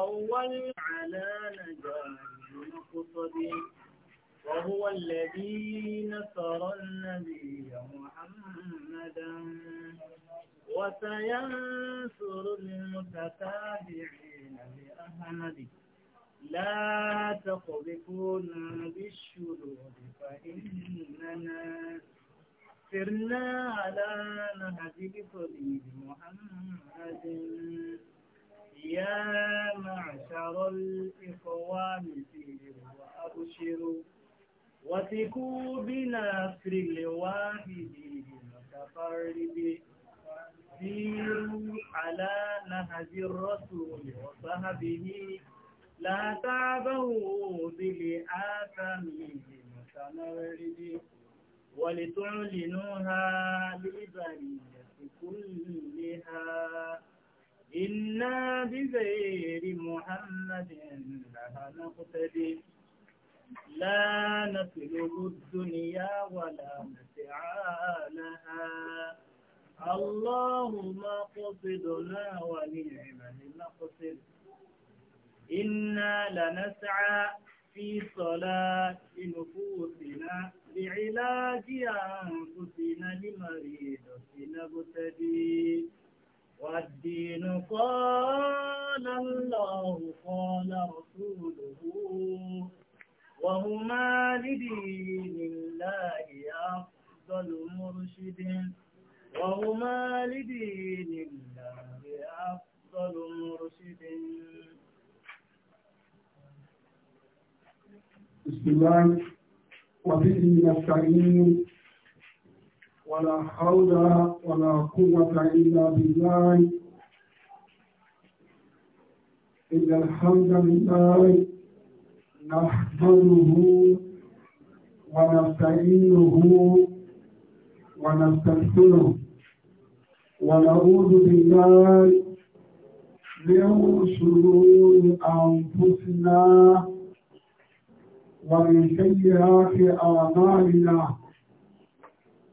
تطول على نجاة المقصد وهو الذي نصر النبي محمدا وسينصر المتتابعين لأحمد لا تقذفونا بالشذوذ فإننا سرنا على نهج صديق محمد يا معشر الإخوان فيه وأبشروا وثقوا بنصر الواحد المتقرب سيروا على نهج الرسول وصحبه لا تعبوا بلآثامه متمرد ولتعلنوها لبرية كلها إنا بغير محمد لها نقتدي لا نطلب الدنيا ولا نسعى لها اللهم اقصدنا ونعم المقصد إنا لنسعى في صلاة نفوسنا لعلاج أنفسنا لمريض نبتدي والدين قال الله قال رسوله وهما لدين الله أفضل مرشد وهما لدين الله أفضل مرشد بسم الله وبه نستعين ولا حول ولا قوة إلا بالله إن الحمد لله نحمده ونستعينه ونستغفره ونعوذ بالله من شرور أنفسنا ومن سيئات أعمالنا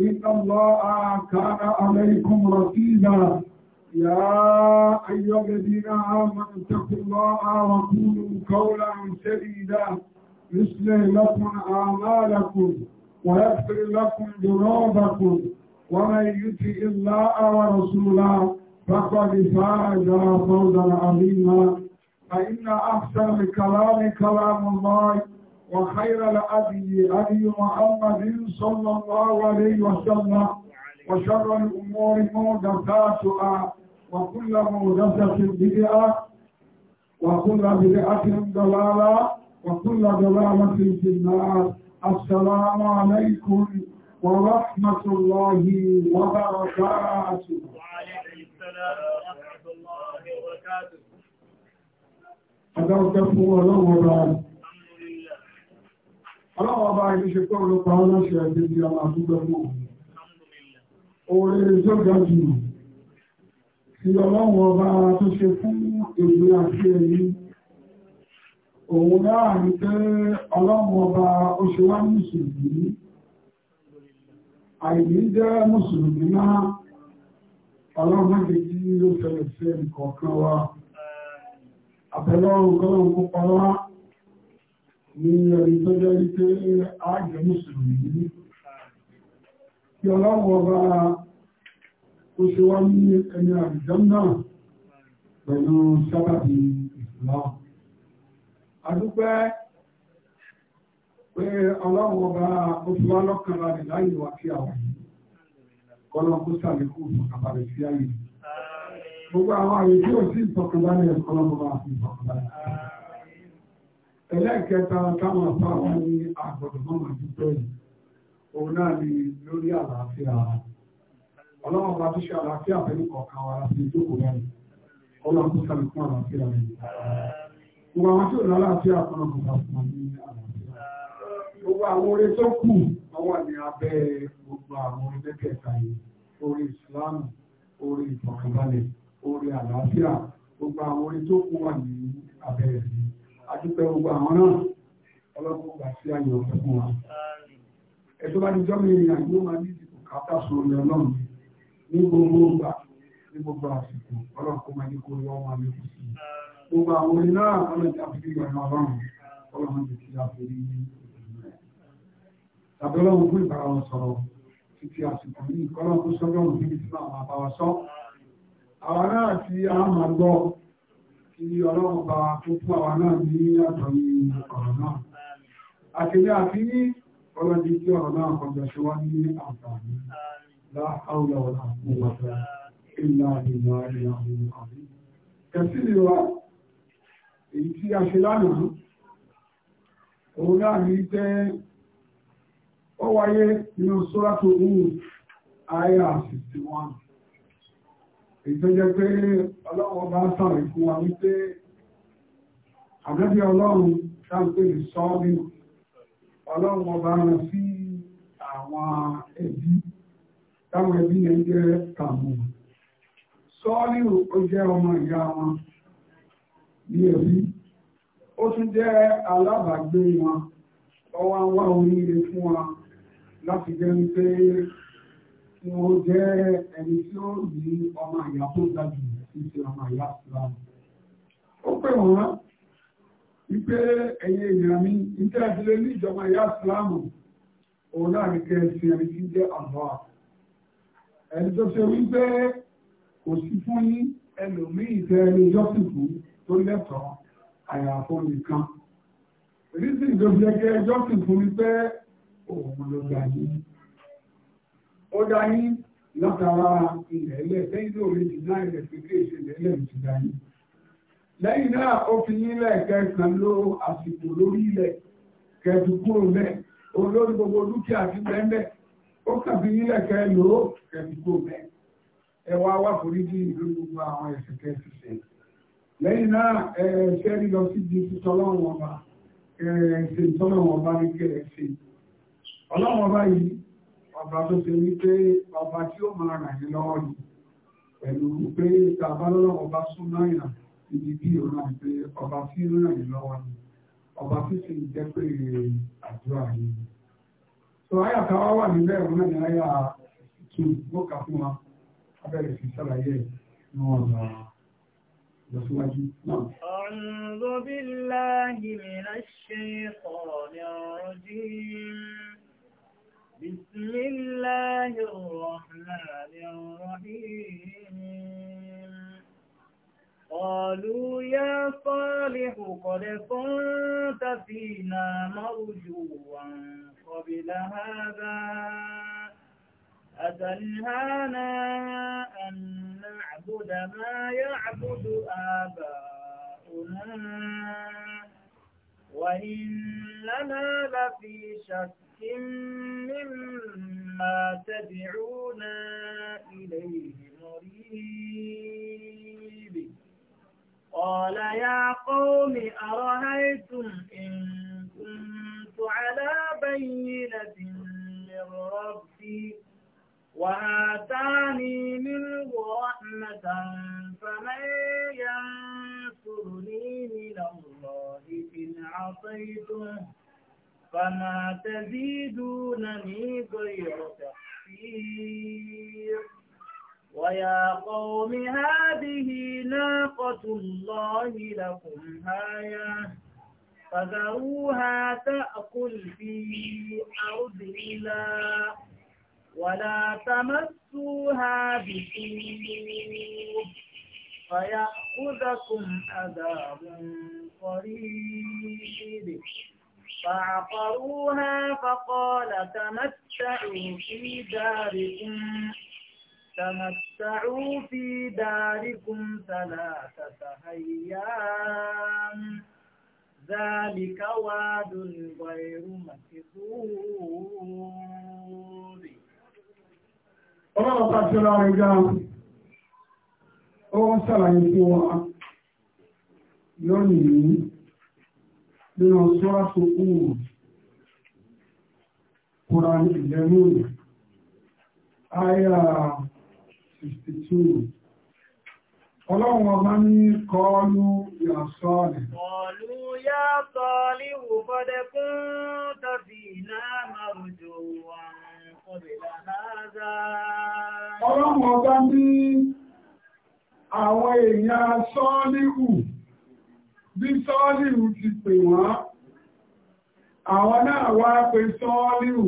إِنَّ اللَّهَ كان عليكم رقيبا يَا أَيُّهَا الذين آمَنُوا اتقوا اللَّهَ وقولوا قولا سديدا يصلح لَكُمْ أَعْمَالَكُمْ ويغفر لكم ذنوبكم ومن يطع الله ورسوله فقد فاز فوزا عظيما فإن أحسن الكلام كلام الله وخير الأبي أبي محمد صلى الله عليه وسلم وشر الأمور مودثاتها وكل مودثة بدعة وكل بدعة دلالة وكل دلالة في النار السلام عليكم ورحمة الله وبركاته وعليكم السلام ورحمة الله وبركاته أدعوك ọlọ́wọ́ bá ilé ṣe pé olópa ọlọ́ṣẹ́ ẹgbẹ́ bí ọmọ àdúgbò mọ́ orí tó ga jù tí ọlọ́wọ́ bá tó ṣe fún èmi àti ẹ̀yí òun náà ní pé ọlọ́wọ́ bá ó ṣe wá mùsùlùmí àìní jẹ́ mùsùlùmí náà ọlọ́wọ́ jẹ́ kí ó fẹ́rẹ̀ sí ẹnì wá ní ẹni tó jẹ́ wípé ààjẹ́ mùsùlùmí ní kí ọlọ́wọ́ bá ó ṣe wá ní ẹni àrìjọ́ náà pẹ̀lú sábàbí Islam adúpẹ́ pé ọlọ́wọ́ bá ó fi wá lọ́kàn rẹ̀ láyé wá sí àwọn kọ́lọ́ kó sàlékù ìfọ̀kànbalẹ̀ sí àyè gbogbo àwọn àyè tí ò sí ìfọ̀kànbalẹ̀ kọ́lọ́ bá ẹlẹ́ẹ̀kẹta táwọn afá wa ní àgbọ̀dọ̀ mọ́mọ́ dúpẹ́ yìí òun náà ni lórí àlàáfíà ọlọ́run bá tó ṣe àlàáfíà pẹ̀lú kọ̀ọ̀kan wa láti ìjókòó báyìí ọlọ́run tó sàlẹ̀ fún àlàáfíà rẹ̀ gbogbo àwọn tí ò ní àlàáfíà kan náà kò bá fún wọn ní àlàáfíà gbogbo àwọn oore tó kù wọn wà ní abẹ́ gbogbo àwọn oore mẹ́tẹ̀ẹ̀ta yìí oore ìsìláàmù oore ìfọ̀kànbalẹ̀ oore àlàáfíà gbogbo àwọn oore tó kù wà ní abẹ́ rẹ̀ àdúpẹ́ gbogbo àwọn náà ọlọ́pàá gbà sí àyàn ọ̀fẹ́ fún wa ẹ̀tọ́ bá ti jọ́mọ ènìyàn ló máa ní ìdìbò káàtà sọ̀rọ̀ ní ọlọ́run ní gbogbo ìgbà ní gbogbo àsìkò ọlọ́pàá máa ní kó lọ́wọ́ máa lékún sí i gbogbo àwọn orin náà ọlọ́jà fi gbà ní ọlọ́run ọlọ́run ti ti àforí ní tàbí ọlọ́run fún ìbára wọn sọ̀rọ̀ títí àsìkò yìí kọ́lọ́run tó sọ́jọ́ tí ọlọ́run bá tó fún àwa náà ní àtọ̀ ní ọ̀rọ̀ náà. Àtẹ̀lé àti ní ọlọ́dí tí ọ̀rọ̀ náà kọjá ṣe wá ní àǹfààní láàáwọ̀ ọ̀la òwàfẹ́ ìlà ìlà ìlà òun àbí. Kẹ̀sí ni wa, èyí tí a ṣe lánàá, òun náà ní jẹ́ ó wáyé nínú Sóràtò Òun, Aya 61 ìtọ́jẹ́ pé ọlọ́wọ́ bá sàn ìfún wa wípé àgbẹ́bí ọlọ́run sáàpé ìsọ́ọ́bí ọlọ́run ọba rán sí àwọn ẹbí táwọn ẹbí yẹn jẹ́ kàmù sọ́ọ́lì ó jẹ́ ọmọ ìyá wọn ní ẹbí ó tún jẹ́ alábàágbé wọn ọwọ́ àwọn oríire fún wa láti jẹ́ wípé tí ó jẹ́ ẹni tí ó ní ọmọ àyà tó ga jù sí ti ọmọ àyà ìsìlámù. ó pè wọ́n wípé ẹ̀yin èèyàn mi níta ìdílé ní ìjọba àyà ìsìlámù òun láàrin kẹsì ẹni tí ń jẹ́ àbọ̀ ẹni tó ṣe wípé kò sí fún yín ẹlòmíì tẹ ẹni jọ́sìn fún tó lẹ́tọ̀ọ́ àyàfọ́ nìkan. èyí sì ń dọ́bi ẹgbẹ́ jọ́sìn fún mi pé òun ló gbà yín ó dá yín látara ilẹ̀ ilẹ̀ lẹ́yìn náà orí ti náà ilẹ̀ fi kí èsì ilẹ̀ ilẹ̀ ti dá yín lẹ́yìn náà ó fi yín lẹ́ẹ̀kẹ́kan ló àsìkò lórí ilẹ̀ kẹdùkúrò lẹ̀ olórí gbogbo dúkìá ti bẹ́ẹ̀ ó kàn fi yín lẹ́ẹ̀kẹ́ lò ó kẹdùkúrò lẹ̀ ẹ wá ìlú gbogbo àwọn ẹ̀sìn kẹsì lẹ́yìn náà ẹ̀ẹ́ṣẹ́ lílọ sí di títọ́lọ́wọ̀n ọba ẹ̀ẹ́ṣẹ́ tọ́lọ́wọ̀n ọba ní kẹrẹ̀ẹ́ṣẹ́ ọlọ́wọ̀n ọba yìí ọba tó ṣe wípé ọba tí ó máa ràn yín lọ́wọ́ ni pẹ̀lú pé tàbá lọ́wọ́ ọba súnmọ́ ìrà ibi bí òun náà pé ọba tí ó ràn yín lọ́wọ́ ni ọba tí sì ń jẹ́ pé àdúrà yìí ni. sọ àyà táwa wà nílẹ̀ òun náà ní àyà tù mọ́ka fún wa abẹ́rẹ́ sí sàlàyé ní ọ̀nà ìlọsíwájú náà. أعوذ بالله من الشيطان الرجيم بسم الله الرحمن الرحيم قالوا يا صالح قد كنت فينا مرجوا قبل هذا أتنهانا أن نعبد ما يعبد آباؤنا وإننا لفي شك مما تدعونا إليه مريب قال يا قوم أرهيتم إن كنت على بينة من ربي وآتاني منه رحمة فمن ينصرني من الله إن عصيته فما تزيدونني غير تحقير ويا قوم هذه ناقة الله لكم هاية فذروها تأكل في أرض الله ولا تمسوها بسوء فيأخذكم عذاب قريب فعقروها فقال تمتعوا في داركم تمتعوا في داركم ثلاثة أيام ذلك وعد غير مكذوب ọlọ́run bá ti ra rẹ̀ gan ó ń fún wa lónìí nínú sọ́ọ̀tù òun Quran eleven aya ọlọ́run ọba ní kọlu ya kọlu ya sọ́ọ̀lẹ̀ wò fún tàbí náà márùjọ wọn kọbìlá náà ọlọ́run ọba ní àwọn èèyàn sọ́ọ̀lẹ̀ wù bí sọ́ọ́lìrù ti pè wọ́n àwọn náà wá pè sọ́ọ́lìrù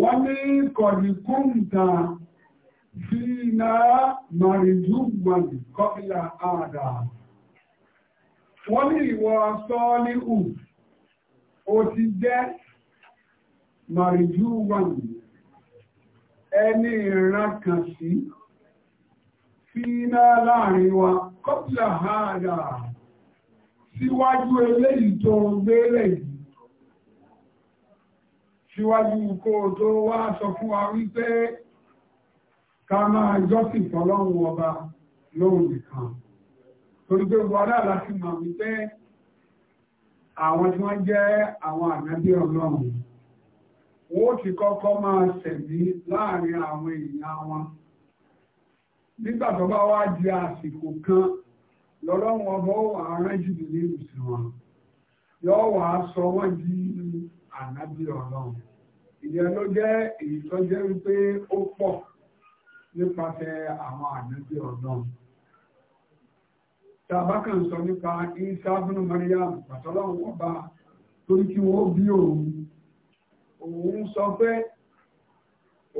wọ́n ní kọ̀dìkúǹtà sí náà marijúgbọ̀n kọ́pílà àdà wọ́n ní ìwọ sọ́ọ́lìrù ó ti jẹ́ marijúgbọ̀n ẹni ìran sí sí láàrin wa kọ́pílà àdà síwájú eléyìí tó gbélé yìí síwájú kó tó wá sọ fún wa wípé ká máa jọ́sìn fọlọ́run ọba lóhun nìkan torí pé wọ́dà láti mọ̀ wípé àwọn tí wọ́n jẹ́ àwọn ànábí ọlọ́run wọ́n ti kọ́kọ́ máa ṣẹ̀mí láàrin àwọn èèyàn wọn nígbà tó bá wá di àsìkò kan lọ́lọ́run ọba ó wà rán jùlọ ní ìsìn wọn yóò wà sọ wọ́n di ànábì ọlọ́run ìyẹn ló jẹ́ èyí tó jẹ́ wípé ó pọ̀ nípasẹ̀ àwọn ànábì ọlọ́run tàbákan sọ nípa ìsáfúnú Mariam pàtọ́lọ́run ọba torí kí wọ́n bí òun òun sọ pé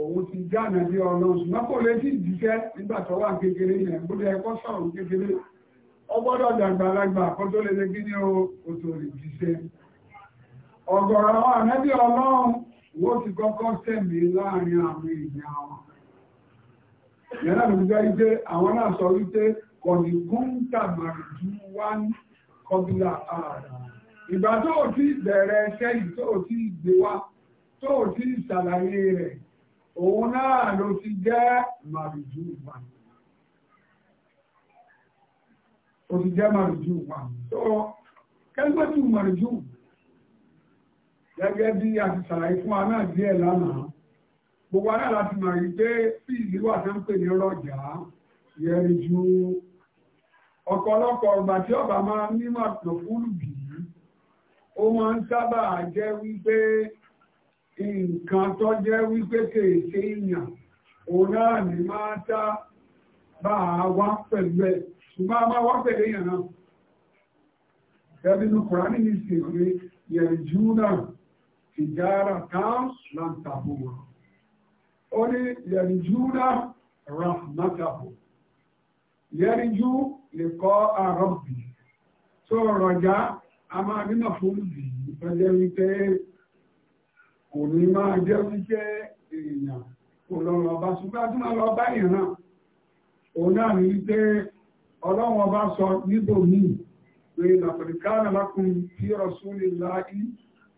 òun ti jáàmù ẹbí ọlọ́run ṣùgbọ́n kò lè ti dìkẹ́ nígbà tó wà kékeré yẹn bó lè kọ́ sọ̀rọ̀ kékeré yẹn ọgbọ́dọ̀ dàgbàlagbà kọjọ lè lè gíní òtò lè jíṣẹ́ ọ̀gọ̀rọ̀ àwọn ànábì ọlọ́run wó ti kọ́kọ́ sẹ̀mí láàrin àwọn èèyàn wọn yẹ́nà ló jẹ́ wípé àwọn náà sọ wípé kọ̀dí kúńtà màrìjú wá ní kọbílà ààrà ìgbà tó ò tí bẹ̀rẹ̀ ẹṣẹ́ yìí ó ti jẹ́ màrìjú wa tó kẹ́lẹ́gbẹ́tù màrìjú gẹ́gẹ́ bí a ti ṣàlàyé fún wa náà díẹ̀ lánàá gbogbo ara láti mà rí pé sí ìlú àtẹ́ǹpẹ̀ ní ọlọ́jà yẹri ju ọ̀pọ̀lọpọ̀ ọgbà tí ọba máa ń mímọ̀ tó fúlù bì í ó máa ń sábà jẹ́ wípé nǹkan tó jẹ́ wípé kèèṣe ìyàn òun náà ní máa tá bá a wá pẹ̀lú ẹ̀ ṣùgbọ́n a máa wá pẹ̀lú èèyàn náà ẹbínú kùránì ní ìsìnkú yẹ̀rìjú náà ìjára tán láǹtàbò wọn ó ní yẹ̀rìjú náà rahmatahu yẹ̀rìjú lè kọ́ àrọ́bì tó rọjá a máa nínà fún bì ọjọ́ wípé kò ní máa jẹ́ wípé èèyàn kò lọ́rọ̀ ọba ṣùgbọ́n a tún máa lọ bá èèyàn òun náà ní wípé ọlọ́wọ́n bá sọ níbò ní pé làfẹ̀ríkánà lákùn tí rọ̀súlì láì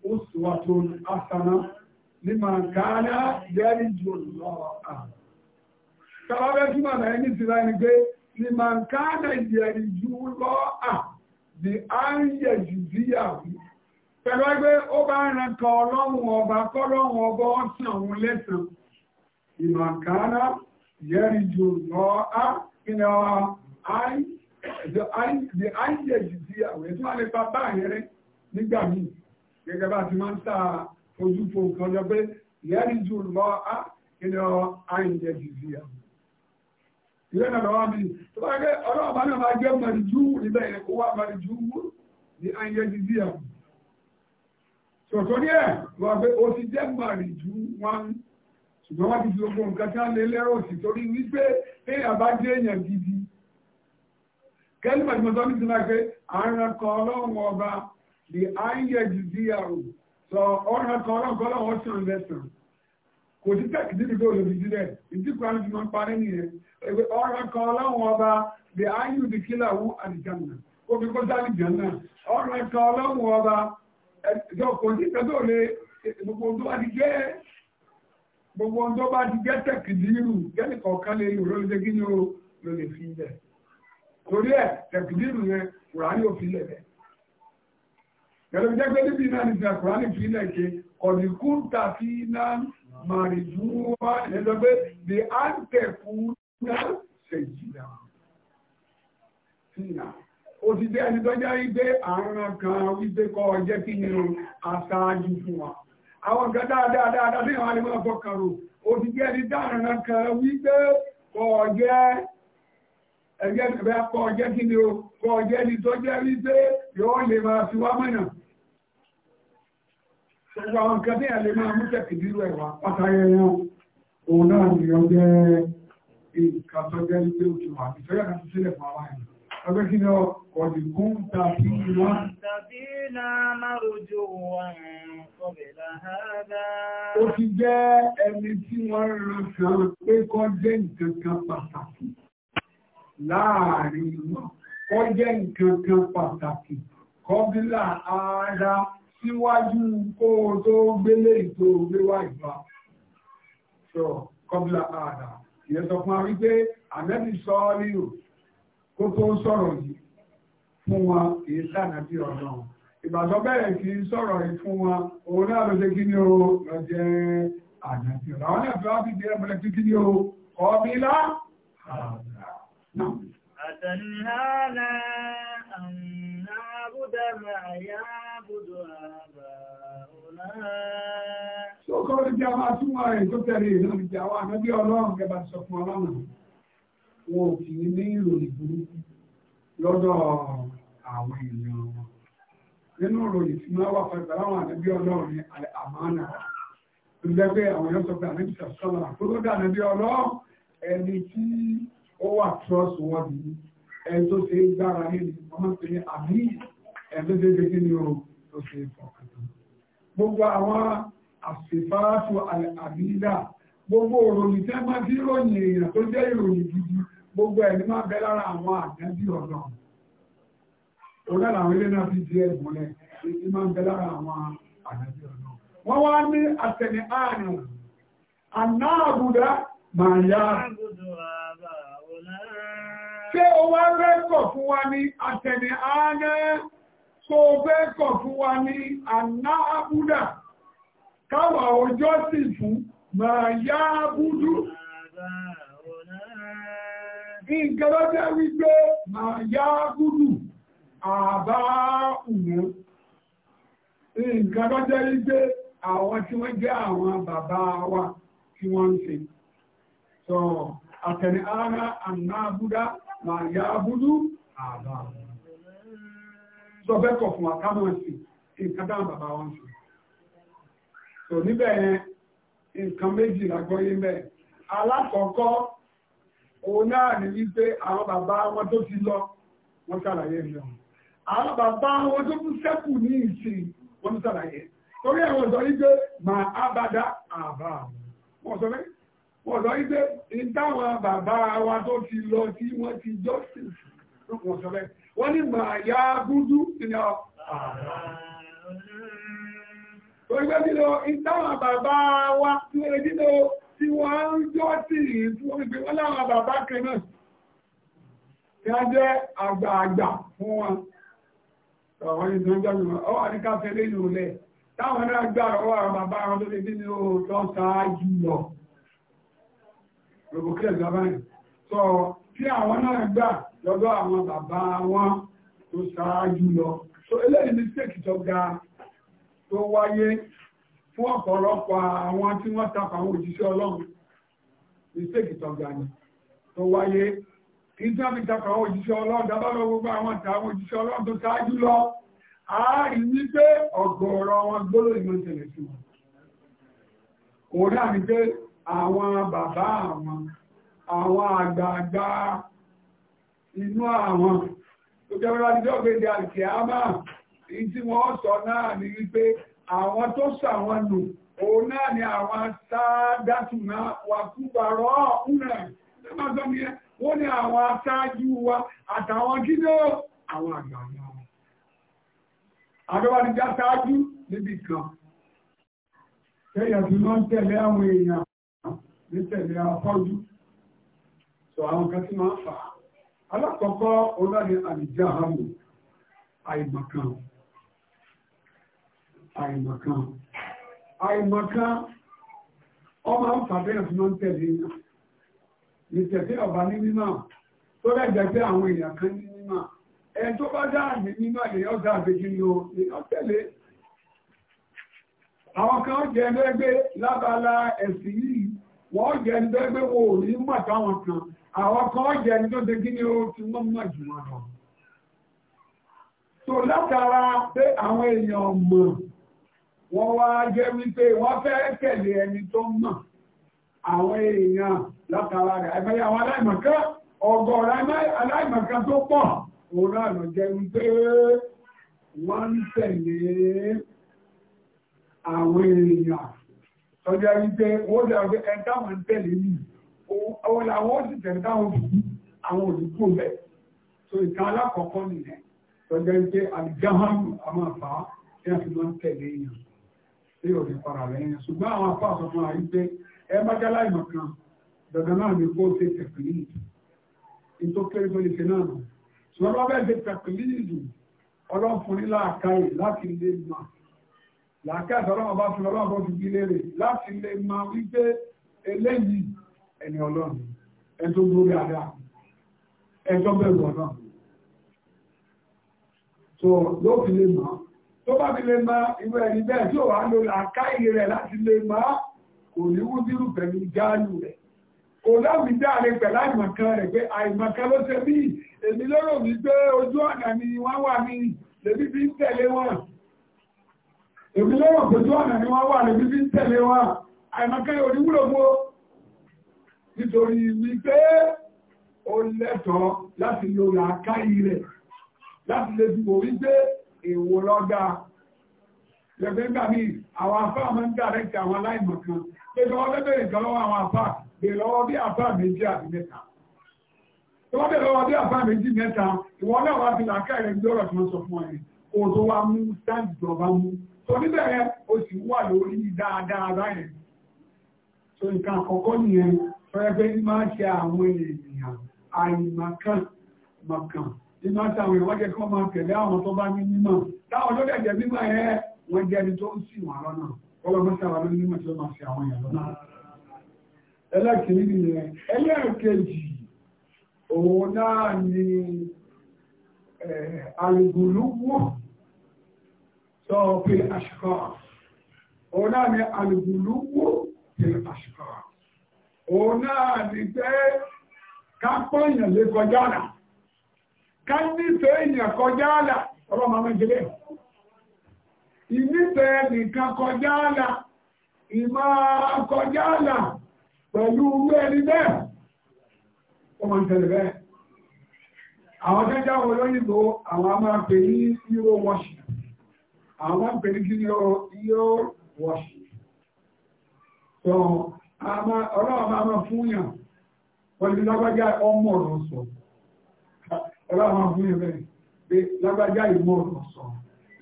ó sùwàtò àsànà ní màá káàlá yẹ́rì jù lọ́ọ̀à. Tàbábẹ́ tí màá náà ní ti láì ní pé ní màá káàlá yẹ́rì jù lọ́ọ̀à di àyẹ̀ jù díyàwó. Pẹ̀lú ẹgbẹ́ ó bá ń ran kan ọlọ́run ọba kọ́lọ́run ọba ọ̀sán òun lẹ́sàn-án. Ìmàkánná yẹ́rì jù lọ́ọ̀à kí ni ọ̀hún? the just We to iyej ti àwẹ̀ tí wọ́n lè pa báyẹn rẹ nígbà míì gẹ́gẹ́ bá ti máa ń sá ojú fo nǹkan jọ pé ìyẹ́rì jù lọ á kíni ọ iyej ti àwẹ̀. ìwé náà lọ́wọ́ mi tó bá gẹ́ ọlọ́ọ̀bá náà máa jẹ́ mọ̀rìjú níbẹ̀ yẹn kó wá mọ̀rìjú ní iyej ti àwẹ̀. sọ̀tọ́ ní ẹ̀ wọ́n pé o ti jẹ́ mọ̀rìjú wọn ṣùgbọ́n wọ́n ti fi gbogbo nǹkan tí wọ́n lé lẹ́rọ̀ sí torí wípé téèyàn bá dé èèyàn gidi kẹ́lìmọ̀ tí mo sọ ní ti náà pé àárín kan ọlọ́run ọba the iron gdr sọ ọ̀ràn kan ọlọ́run kan ọlọ́run ọ̀sán investment kò sí tẹ́kì níbi tó lòdì sílẹ̀ ìdíkù àti máa ń parí nìyẹn ẹgbẹ́ ọ̀ràn kan ọlọ́run ọba the iron the killer wú àdìjánà ó fi kó sáré jánà ọ̀ràn kan ọlọ́run ọba ẹ̀jọ̀ kò sí tẹ́tò lè gbogbo tó bá ti jẹ́ gbogbo tó bá ti jẹ́ tẹ́kì nírù gẹ́nì kọ̀ọ̀kan lè yòrò lè gíní o lò lè fi ilẹ̀ torí ẹ̀ tẹ̀kìdìrù yẹn kùránì òfin lẹ̀ bẹ́ẹ̀. Gẹ̀lẹ́ mi níbi náà ní ìfẹ́ kùránì fi lẹ̀ ṣe ọ̀dìkúntà fi náà màrì ti àrùn kan wípé kí aṣáájú fún wa. Àwọn dáadáa dáadáa ní ẹgbẹ́ ìgbẹ́ kọ́ ọjẹ́ kí ni o kọ́ ọjẹ́ ni tó jẹ́ rí pé yóò lè máa fi wá mọ̀nà gbogbo àwọn nǹkan tí a lè máa mú tẹ̀kì dírú ẹ̀ wá pátá yẹn òun náà ni ó jẹ́ nǹkan tó jẹ́ rí pé ó ti wà ìfẹ́yà kan ti sílẹ̀ fún àwọn ẹ̀yìn ọgbẹ́ kí ni ọ kọ̀ lè kún tàbí ìwá. tàbí náà máa rojú wọn ó ti jẹ́ ẹni tí wọ́n rán kan pé kọ́ jẹ́ nǹkan kan pàtàkì láàrin wọn kọ́ jẹ́ nǹkan kan pàtàkì kọ́bílà ara síwájú kó o tó gbélé ìtò wíwá ìgbà sọ kọ́bílà ara ìyẹn sọ fún wa wípé ànẹ́bí sọ ọ́ nílò kó tó sọ̀rọ̀ yìí fún wa kì í sànàbí ọ̀nà ìbàdàn bẹ̀rẹ̀ kì í sọ̀rọ̀ yìí fún wa òun náà ló ṣe kí ni o lọ jẹ́ ànàbí ọ̀nà àwọn náà fi wá fi di ẹ̀mọ́lẹ́kí kí ni o kọ́bílà ara. أتنهانا أن نعبد ما يعبد آباؤنا Sọ́kọ́ ìjà wa túnmọ̀ rẹ̀ tó tẹ̀lé ìlànà ìjà wa àmẹ́bí ọlọ́run kẹba sọ fún ọlọ́run. Wọn ò kì í ní ìròyìn burúkú lọ́dọ̀ àwọn èèyàn wọn. Nínú ìròyìn tí wọ́n wà pẹ̀lú àwọn àmẹ́bí ọlọ́run ní àmàna. Ìgbẹ́gbẹ́ àwọn èèyàn sọ pé àmẹ́bí sọ̀rọ̀ ó wà trust wọn bí ẹni tó ṣe é gbára nílùú ọmọ pé àmì ẹni tó ṣe é gbé ní oòrùn tó ṣe é fọkàn tán gbogbo àwọn àṣìfáàṣù àbílà gbogbo ìròyìn tẹ́ máa fi ròyìn èèyàn tó jẹ́ ìròyìn gidi gbogbo ẹni máa bẹ lára àwọn àjẹ́bí ọ̀dọ̀ ọ̀dọ̀ làwọn ilé náà fi di ẹ̀gbọ́nlẹ̀ èyí máa bẹ lára àwọn àjẹ́bí ọ̀dọ̀ wọ́n wá ní àtẹ̀ní ààrùn àná àbúdá màá yá ṣé o wá rẹ́kọ̀ fún wa ní àtẹ̀nì ààrẹ tó rẹ́kọ̀ fún wa ní àná àbúdà káwà ọjọ́ sì fún máa yá àbúdú nǹkan jẹ́ wípé máa yá àbúdú àbá wípé àwọn tí wọ́n àwọn bàbá wa tí àtẹ̀lẹ̀ ara àmà ma yá abúdú àbá sọfẹ́kọ̀ fún àkámọ̀sí nǹkan dáhùn bàbá wọn sí tò níbẹ̀ yẹn nǹkan méjì lágbọ́yé mẹ́ alákọ̀ọ́kọ́ òun náà ní wípé àwọn bàbá wọn tó ti lọ wọ́n ṣàlàyé mi ọ̀hún àwọn bàbá wọn tó tún sẹ́kù ní ìsìn wọ́n ṣàlàyé torí àwọn sọ wípé mà á bá dá àbá wọn sọ bẹ́ẹ̀ wọ́n sọ wípé ìtawọn bàbá wa tó ti lọ tí wọ́n ti justice wọ́n sọ bẹ́ẹ̀ wọ́n ní màáyá gúdú ìyá Orígbé nílò ìtawọn bàbá wa tí wọ́n lè nílò tí wọ́n ń jọ́ sí ìtú wọ́n gbé wọ́n láwọn bàbá kan náà. Tí a jẹ́ àgbààgbà fún wọn. Àwọn ìdánjọ́ ìwọ̀n, ọ wà ní káfẹ́ lẹ́yìn olẹ́. Táwọn náà gbà ọwọ́ àwọn bàbá wọn tó rògbòkè ìjọba yìí sọ tí àwọn náà gbà lọ́dọ̀ àwọn bàbá wọn tó ṣáájú lọ so eléyìí ní sèkì tó ga tó wáyé fún ọ̀pọ̀lọpọ̀ àwọn tí wọ́n tapà àwọn òjíṣẹ́ ọlọ́run ní sèkì tó ga ni tó wáyé kí n sábì tapà àwọn òjíṣẹ́ ọlọ́run dábàá lọ gbogbo àwọn tà àwọn òjíṣẹ́ ọlọ́run tó ṣáájú lọ àárí wípé ọ̀gọ̀ọ̀rọ̀ wọn gbóló ìmọ̀ ìṣẹ̀lẹ̀ sí wọn. Òun náà ni pé àwọn bàbá àwọn àwọn àgbààgbà inú àwọn tó jẹ́ wọ́n láti jọ́gbé àkíámà èyí tí wọ́n sọ náà ní wípé àwọn tó sàwọn nù òun náà ni àwọn sáádátù náà wà kúbàrọ̀ ọ̀húnà lẹ́mọ̀ wọ́n àwọn àwọn kan tí máa ń fà á alákọ̀ọ́kọ́ olóòrìn àdìjá àmù àìmọ̀kan àìmọ̀kan àìmọ̀kan ọmọ ń fà bẹ́ẹ̀ fún ọ́n tẹ̀lé ìtẹ̀sí ọ̀bá ní mímọ̀ tó dẹ̀jẹ̀ pé àwọn èèyàn kan ní mímọ̀ ẹ̀ tó bá dáàbì mímọ̀ èèyàn dáàbì kí ni o èèyàn tẹ̀lé àwọn kan jẹ́ ẹgbẹ́ lábala ẹ̀sìn yìí wọ́n jẹ́ ẹgbẹ́ wo ní mọ̀ táwọn kan àwọn kan jẹ́ ní tó ṣe kí ni ó ti wọ́n mọ̀ jù wọn lọ. tó látara pé àwọn èèyàn mọ̀ wọ́n wá jẹ́ wípé wọ́n fẹ́ tẹ̀lé ẹni tó mọ̀ àwọn èèyàn látara rẹ̀ ẹgbẹ́ àwọn aláìmọ̀kẹ́ ọgọ́rọ̀ aláìmọ̀kẹ́ tó pọ̀ òun náà lọ jẹ́ wípé wọ́n ń tẹ̀lé àwọn èèyàn tọ́jú ẹni pé wọ́n dàgbé ẹ̀dáwọn tẹ̀lé nìyí òun làwọn ó sì tẹ̀lé táwọn òbí àwọn olùkú bẹ̀ so ìtàn alákọ̀ọ́kọ́ nìyẹn tọ́jọ́ pé àlìjáhánù a máa fà á a fi máa ń tẹ̀lé èèyàn tí ò ní para rẹ̀ yẹn ṣùgbọ́n àwọn afá sọ fún wa yìí pé ẹ bá jẹ́ láìmọ̀ kan dandan náà ni kó ṣe tẹ̀kìlìdì nítorí kéré tó lè ṣe náà nù ṣùgbọ́n bá bẹ́ẹ̀ ṣe tẹ̀kìlìdì ọlọ́fun láàkáyè láti lè mà làákàtà ọlọ́run bá fi ọlọ́run bó ti bí láti lè mà wípé eléyìí ẹni ọlọ́run ẹni tó dúró dáadáa ẹni tó bẹ̀rù ọ̀nà tó ló fi lè mọ́ tó bá fi lè mọ́ irú ẹni bẹ́ẹ̀ tí ò wá lò làákàyè rẹ̀ láti lè mọ́ kò ní wú pẹ̀lú jáàlù rẹ̀ kò láwùí dáre pẹ̀lú àìmọ̀kan rẹ̀ pé àìmọ̀kan ló ṣe bí èmi lérò wípé ojú ọ̀nà ni wọ́n wà ní lèbí fi ń tẹ̀lé wọn èmi lérò pé ojú ọ̀nà ni wọ́n wà lèbí fi ń tẹ̀lé wọn àìmọ̀kan yóò ní wúlò fún nítorí wípé ó lẹ́tọ̀ọ́ láti lo làákàyè rẹ̀ láti lè dìbò wípé èwo lọ́gá lẹ́gbẹ́gbà míì àwọn afá máa ń dàrẹ́kì àwọn aláìmọ̀ kan pé lọ́wọ́ bẹ́bẹ̀rẹ̀ kan lọ́wọ́ àwọn afá bè lọ́wọ́ bí afá méjì àti mẹ́ta tó wọ́n bẹ̀rẹ̀ lọ́wọ́ bí afá méjì mẹ́ta ìwọ náà wá fi làákàyè rẹ̀ lọ́rọ̀ tí wọ́n sọ pẹ́ẹ́pẹ́ ní máa ṣe àwọn ènìyàn àìmọ̀kan mọ̀kan ní máa ṣe àwọn ìwọ́jẹ́ kí wọ́n máa tẹ̀lé àwọn tó bá ní mímọ̀ táwọn tó dẹ̀jẹ̀ mímọ̀ ẹ̀ wọ́n jẹ́ ẹni tó ń sì wọ́n lọ́nà wọ́n máa ṣe àwọn mímọ̀ tí wọ́n máa ṣe àwọn èèyàn lọ́nà. ẹlẹ́kìnrin nìyẹn ẹlẹ́ẹ̀kejì òun náà ni àlùgùlùwò sọ pé àṣùkọ́ òun náà ni àlùgùlùwò pé àṣùkọ́ òun náà ni pé ká pọ́nyàn lé kọjá àlà ká nífẹ̀ẹ́ èèyàn kọjá àlà ọlọ́mọ amẹ́jẹlẹ̀ ìnífẹ̀ẹ́ nìkan kọjá àlà ìmọ̀ kọjá àlà pẹ̀lú owó ẹni bẹ́ẹ̀ ọmọ ìtẹ̀lẹ̀ bẹ́ẹ̀ àwọn tẹ́jà wọn lóyìnbó àwọn a máa pè ní euro washing àwọn máa pè ní euro washing ọlọ́wọ́ máa máa fún yàn pẹ̀lú lágbájá ọmọ ọ̀rọ̀ sọ ọlọ́wọ́ máa fún yàn bẹ́ẹ̀ pé lágbájá ìmọ̀ ọ̀rọ̀ sọ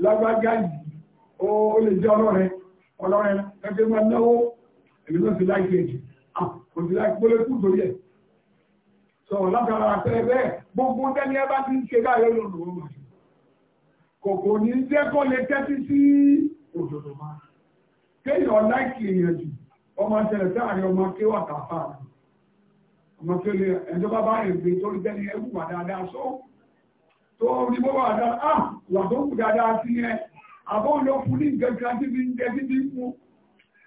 lágbájá yìí ó lè jẹ́ ọlọ́rẹ ọlọ́rẹ ẹgbẹ́ máa náwó èmi náà ti láì kejì kò sí láì pólé kú torí ẹ̀ sọ látara àpẹẹrẹ bẹ́ẹ̀ gbogbo dání ẹ bá ti ń ṣe báyọ̀ lọ́dọ̀ wọn kòkò ní jẹ́ kó lè tẹ́tí sí òdòdó máa kéèyàn láìkì èèyàn jù ọmọ ìṣẹ̀lẹ̀ sáàrin ọmọ kí wà tàfà ọmọ kí lè ẹjọ́ bá bá ègbè tó rí bẹ́ni ẹkù wà dáadáa só tó rí bó wà dáadáa ah wà tó kù dáadáa sí ẹ àbọ̀ ló fún ní gẹ̀gẹ̀ tí fi ń jẹ sí ti kú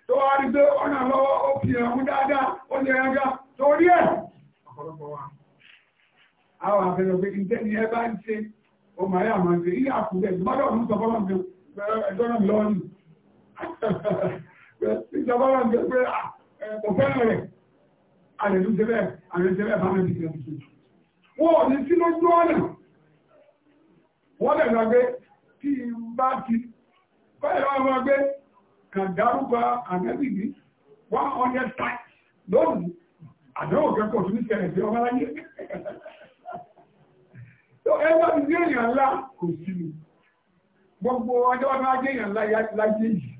tó wá rí pé ọ̀nà lọ́wọ́ ó fi ẹ̀mú dáadáa ó lè ẹja tó rí ẹ̀ ọ̀pọ̀lọpọ̀ wa àwọn àfẹ́lẹ̀ pé ìjẹ́ ni ẹ bá ń ṣe ọmọ ayé àmọ́ ṣe ilé àkùnrin ẹ̀ ìjọba wà ní pé ah, kò fẹ́ràn rẹ̀ àrẹ̀lúṣẹ́lẹ̀ àrẹ̀lúṣẹ́lẹ̀ bá mẹ́bí ìjọba ìṣẹ́jú wọ́n ní sí lójú ọ̀nà wọ́n lẹ̀ lọ́gbé tí bá ti kọ́lẹ̀ wọ́n wọ́n gbé kàdárúgbà àmẹ́bìbí 100 times lónìí àdánwò kẹ́kọ̀ọ́ tó ní ṣẹlẹ̀ sí ọmọ aláyé tó ẹgbẹ́ ti dé èèyàn ńlá kò sí mi gbogbo ọjọ́ wá dé èèyàn ńlá láyé yìí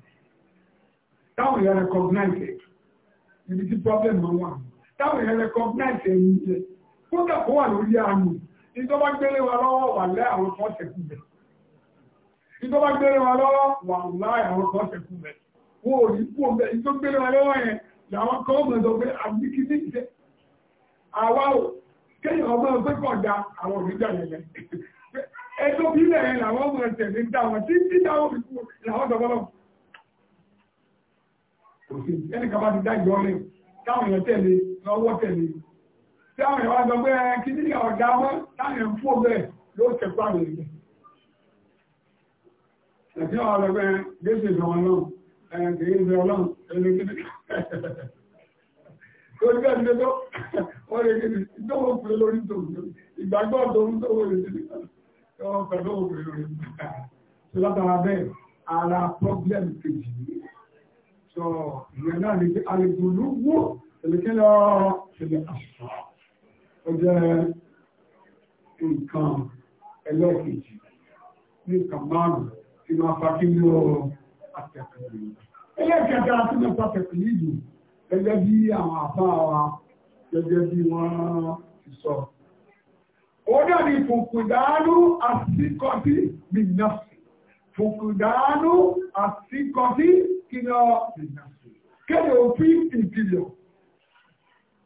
táwọn èèyàn recognize ẹ̀ is the problem máa wà táwọn èèyàn recognize ẹ̀yìn jẹ kódà kó wà lórí àmì ìjọba gbélé wa lọ́wọ́ wà lẹ́ àwọn kan ṣẹ̀kú bẹ̀ ìjọba gbélé wa lọ́wọ́ wà láì àwọn kan ṣẹ̀kú bẹ̀ wọ́n ò ní kú ọ̀bẹ ìjọba gbélé wa lọ́wọ́ yẹn làwọn kan mọ̀ ẹ̀dọ̀ pé àbíkí ní ìṣe àwa ò kéèyàn ọmọ ẹgbẹ́ kan da àwọn òrìjà yẹn lẹ ẹjọ́ bílẹ̀ yẹn làwọn ọmọ ẹ̀sẹ̀ ní dáwọn tí ń dídáwọn òrìkú làwọn dọ̀bọ̀lọ́wọ́ kò sí ẹni kan bá ti dá ìjọ rẹ̀ káwọn èèyàn tẹ̀lé lọ́wọ́ tẹ̀lé tí àwọn èèyàn wá gbọ́ pé ẹ kí ní ọ̀gá wọn táwọn èèyàn fún ọgbẹ́ ló tẹ̀kọ́ àwọn èèyàn ẹ̀sìn àwọn ọlọ́gbẹ́ gbèsè ìjọba náà ẹ̀yàn kìí ṣe ọlọ́run ẹni kí ní lórí bẹ́ẹ̀ ni tó wọ́n lè kí ní ìjọba òkúrẹ́ lórí tòun ìgbàgbọ́ tòun tó wọ́n lè kí ní ọ̀pẹ̀lú òkúrẹ́ lórí tòun látara bẹ́ẹ̀ ara pọ́blẹ́mù kejì sọ ìyẹn náà ní alìgbòlú wò ìlẹ́kẹ́lẹ́ ọ̀rọ̀ ìlẹ́ àṣà ó jẹ́ nǹkan ẹlẹ́ẹ̀kejì ní nǹkan márùn-ún tí máa fa kí ló àtẹ̀kùn yìí ẹlẹ́ẹ̀kẹta tí máa fa tẹ̀kùn yìí gẹ́gẹ́ bí àwọn àbá wa gẹ́gẹ́ bí wọ́n ti sọ Oda ni fòkùdánú àti kọfí bí náà. Fòkùdánú àti kọfí kí ni ọ kéde òfin ìpìlẹ̀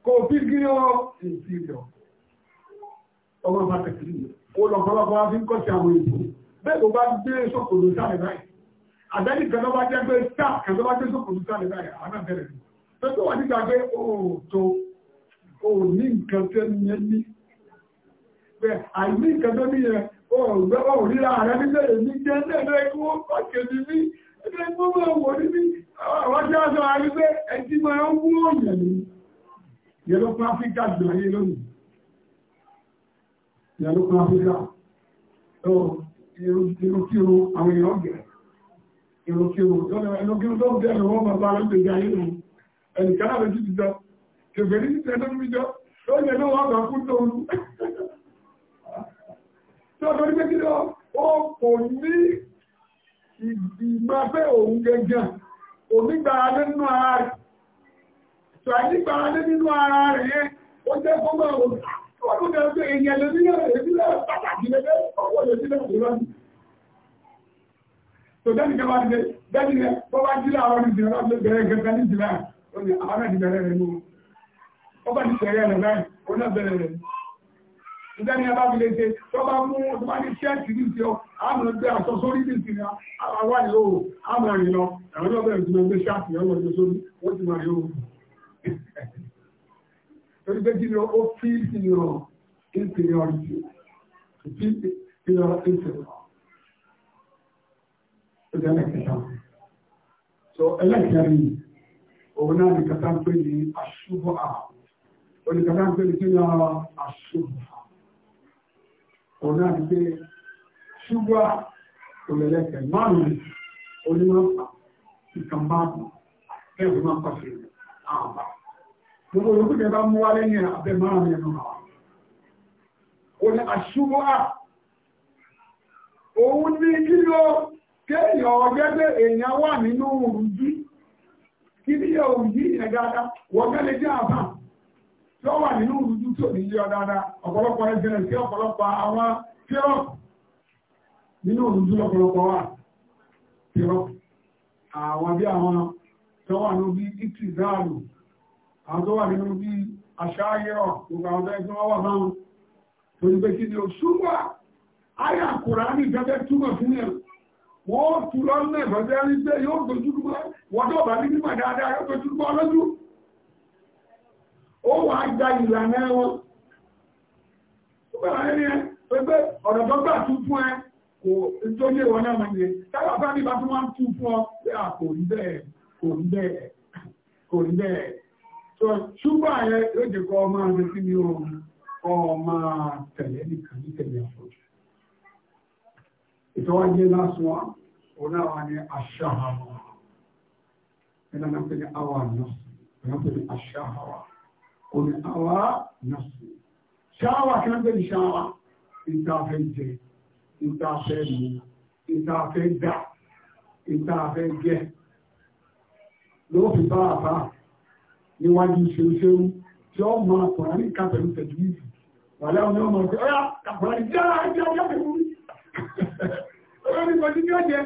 kò fi kí ni ọ ìpìlẹ̀ ọmọ bá tẹ̀sí nìyẹn ó lọ fọlọ́fọ́ wá fi ń kọ́sí àwọn èèyàn bẹ́ẹ̀ ló bá gbé sókòló sáré báyìí àdáyé kan ló bá jẹ́ pé sáà kan ló bá gbé sókòló sáré báyìí àwọn náà bẹ̀rẹ̀ nù tó tó wà nígbà pé òòtó ò ní nǹkan tẹ́ ní ẹ ní pé àìní nǹkan tó ní ẹ òògbẹ́ òríra rẹ nílẹ̀ èmi jẹ́ lẹ́lẹ́ kí wọ́n kọ́kẹ́ ní mí ẹgbẹ́ gbogbo ọmọ níbi àwọn tí a sọ àrígbé ẹjí máa ń mú ọ̀yẹ̀ ní yẹlọ́pọ̀ áfíríkà gbìyànjú lónìí yẹlọ́pọ̀ áfíríkà ìrùkírù àwọn èèyàn gẹ̀ ìrùkírù tó gẹ̀ lọ́wọ́ bàbá lọ́gbẹ̀gbẹ̀ ayé nù ẹnìkan àrẹ títí jọ kẹfẹ̀rí títẹ̀ lórí jọ tó yẹ lọ́wọ́ àgbà fún tóoru tó ìgbàfẹ́ òun gẹ́gẹ́ onígbàradé nínú ara rẹ̀ tó àìnígbàradé nínú ara rẹ̀ yẹn ó jẹ́ gbogbo ọ̀rọ̀ ọdún ẹgbẹ́ èèyàn lè nílẹ̀ ìbílẹ̀ pàtàkì lẹ́gbẹ́ ọwọ́ lè nílẹ̀ ìrọ́lù tó dẹ́ni kẹwà nílẹ̀ dẹ́ni rẹ̀ bọ́ bá jílẹ̀ àwọn ìdìrẹ̀ láti bẹ̀rẹ̀ gẹ́gẹ́ ní jìlá ó ní àwọn ìdìrẹ̀ rẹ̀ mú ọ bá ti sẹ̀rẹ̀ rẹ̀ báyìí ó náà bẹ̀rẹ̀ rẹ̀ mú ìgbẹ́ni ẹbá fi lè ṣe tó bá mú tó bá ní ṣẹ́ẹ̀tì ní ìṣẹ́ àmì ọgbẹ́ aṣọ sórí ní ìṣẹ́ àwà ìlò àmì ẹ̀rìn lọ ẹ̀rọ lọ́gbẹ̀ ìṣẹ́ ọgbẹ́ ṣáàtì ọwọ́ ìṣẹ́ sórí wọ́n ti máa yóò torí pé kí ni ó fi ìṣìyàn inferiority fi ìṣìyàn inferior ó jẹ́ ẹlẹ́kẹta so ẹlẹ́kẹrin òun náà nìkan tá ń pè ní aṣubọ̀ àwọn oníkan tá ń pè ní kí ni aṣubọ̀ ọ̀nà àti ṣúgbà òlẹ̀lẹ́kẹ̀ márùn-ún onímọ̀pá ìkàmbáàbù ẹ̀rù máa àbá gbogbo olùkúnjẹ bá mú wá lẹ́yìn abẹ́ márùn-ún ẹ̀rù máa tí wọ́n wà nínú ìrújú tí ní dáadáa ọ̀pọ̀lọpọ̀ tí ọ̀pọ̀lọpọ̀ àwọn kírọ̀pù nínú ìrújú lọ́pọ̀lọpọ̀ wà kírọ̀pù àwọn bí àwọn tó wà nínú bí ìtìzáàlù àwọn tó wà nínú bí aṣááyẹ̀rọ̀ gbogbo àwọn wà fáwọn tó ní pé kí ni ayé ní túmọ̀ fún yẹn wọ́n tu lọ́nà rí ó wà á gba ìlànà wọn ó bẹ̀rẹ̀ ẹni ẹ pẹ́pẹ́ ọ̀rọ̀ tó gbà tún fún ẹ kò tó lé wọn náà mọ̀ yẹn táwọn bá mi bá tún wá ń tún fún ọ pé à kò rí bẹ́ẹ̀ kò rí bẹ́ẹ̀ kò rí bẹ́ẹ̀ tó ṣùgbọ́n àyẹ yóò jẹ́ kọ́ ọmọ àti kí ni o kọ́ ọmọ tẹ̀lé nìkan ní tẹ̀lé àfọ̀jù ìtọ́wájé lásán òun náà wà ní aṣáhàwà ẹ̀dá náà pé ní àwọn àná ẹ̀dá pé ní aṣáhàwà kò ní àwa nàṣù ṣáwà kí ìtafẹ́ jẹ ìtafẹ́ mu ìtafẹ́ dà ìtafẹ́ jẹ ló fi bá níwájú ṣeúṣeú tí ó máa kọ̀rọ̀ ní kápẹ̀lú tẹ̀lifíìsì wà láwọn ní ọmọ ọ̀gbẹ́ ọ̀yá kàpọ̀lá ìjára ìjára ìjára ìjára ìjára ìjára ìjára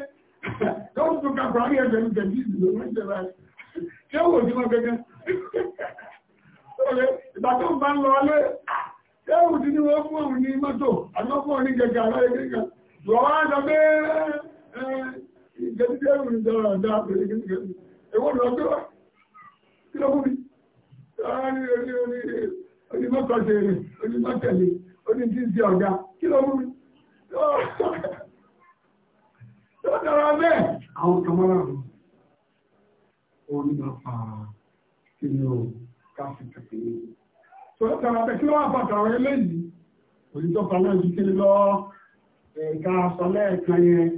Lọ́wọ́ tó kàkọ̀ àríyànjẹ́ ìjẹ̀bí ìlú ló ń jẹ́ Ṣé wò ní wọ́n gẹ́gẹ́? ìgbà tó ń bá ń lọ lé ẹ̀rù ti ní wọ́n fún òun ní mọ́tò àtọ́fún òní gẹ̀gẹ̀ aláyé àwọn kí ni ó káfí kékeré tó ẹ tẹ̀wọ́ pé kí ló wà bàtà àwọn eléyìí òyìnbó pàmò ju kí lọ ẹ̀ka sọ lẹ́ẹ̀kan yẹn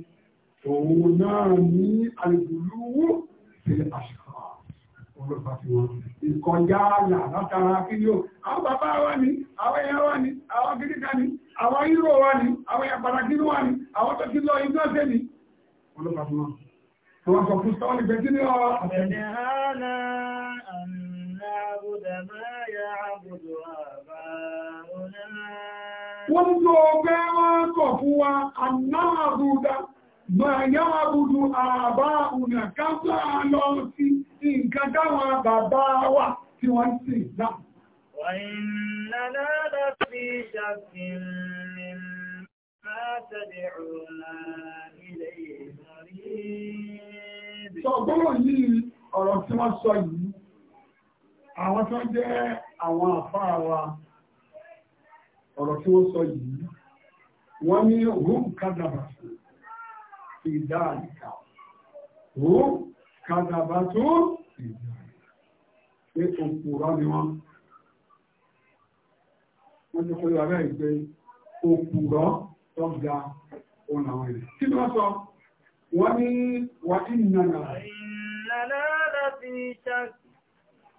òun náà ní àlùbùlùwò ṣe àṣà olùfàtí wọn ìkọjá àlà látara kí ni ó àwọn bàbá wa ni àwọn ẹ̀yà wa ni àwọn kìdíkà ni àwọn hírò wa ni àwọn ẹ̀yà pàtàkì wa ni àwọn tó ti lọ iná ṣe ni olùfàtí wọn. Wọ́n sọ fún Sọ́ọ́lì pé kí ni ọ? ما يعبد آباؤنا wọ́n ọgbẹ́ wọ́n kọ̀ fún wa anáàbùdá máa yáàbùdú àbá ònà kápá lọ sí nǹkan dáwọn bàbá wa tí wọ́n sì dá. wọ́n náà láti àwọn tó jẹ́ àwọn àfáà wa ọ̀rọ̀ tí wọ́n sọ yìí wọ́n ní rúm kádàbàtú fi dáàdìkà rúm kádàbàtú fi dáàdìkà pé òpùrọ̀ ni wọ́n wọ́n ní kó yọrọ ìgbé òpùrọ̀ tó ga òun àwọn ilẹ̀. wọ́n sọ? Wọ́n ní wà ní nàlá.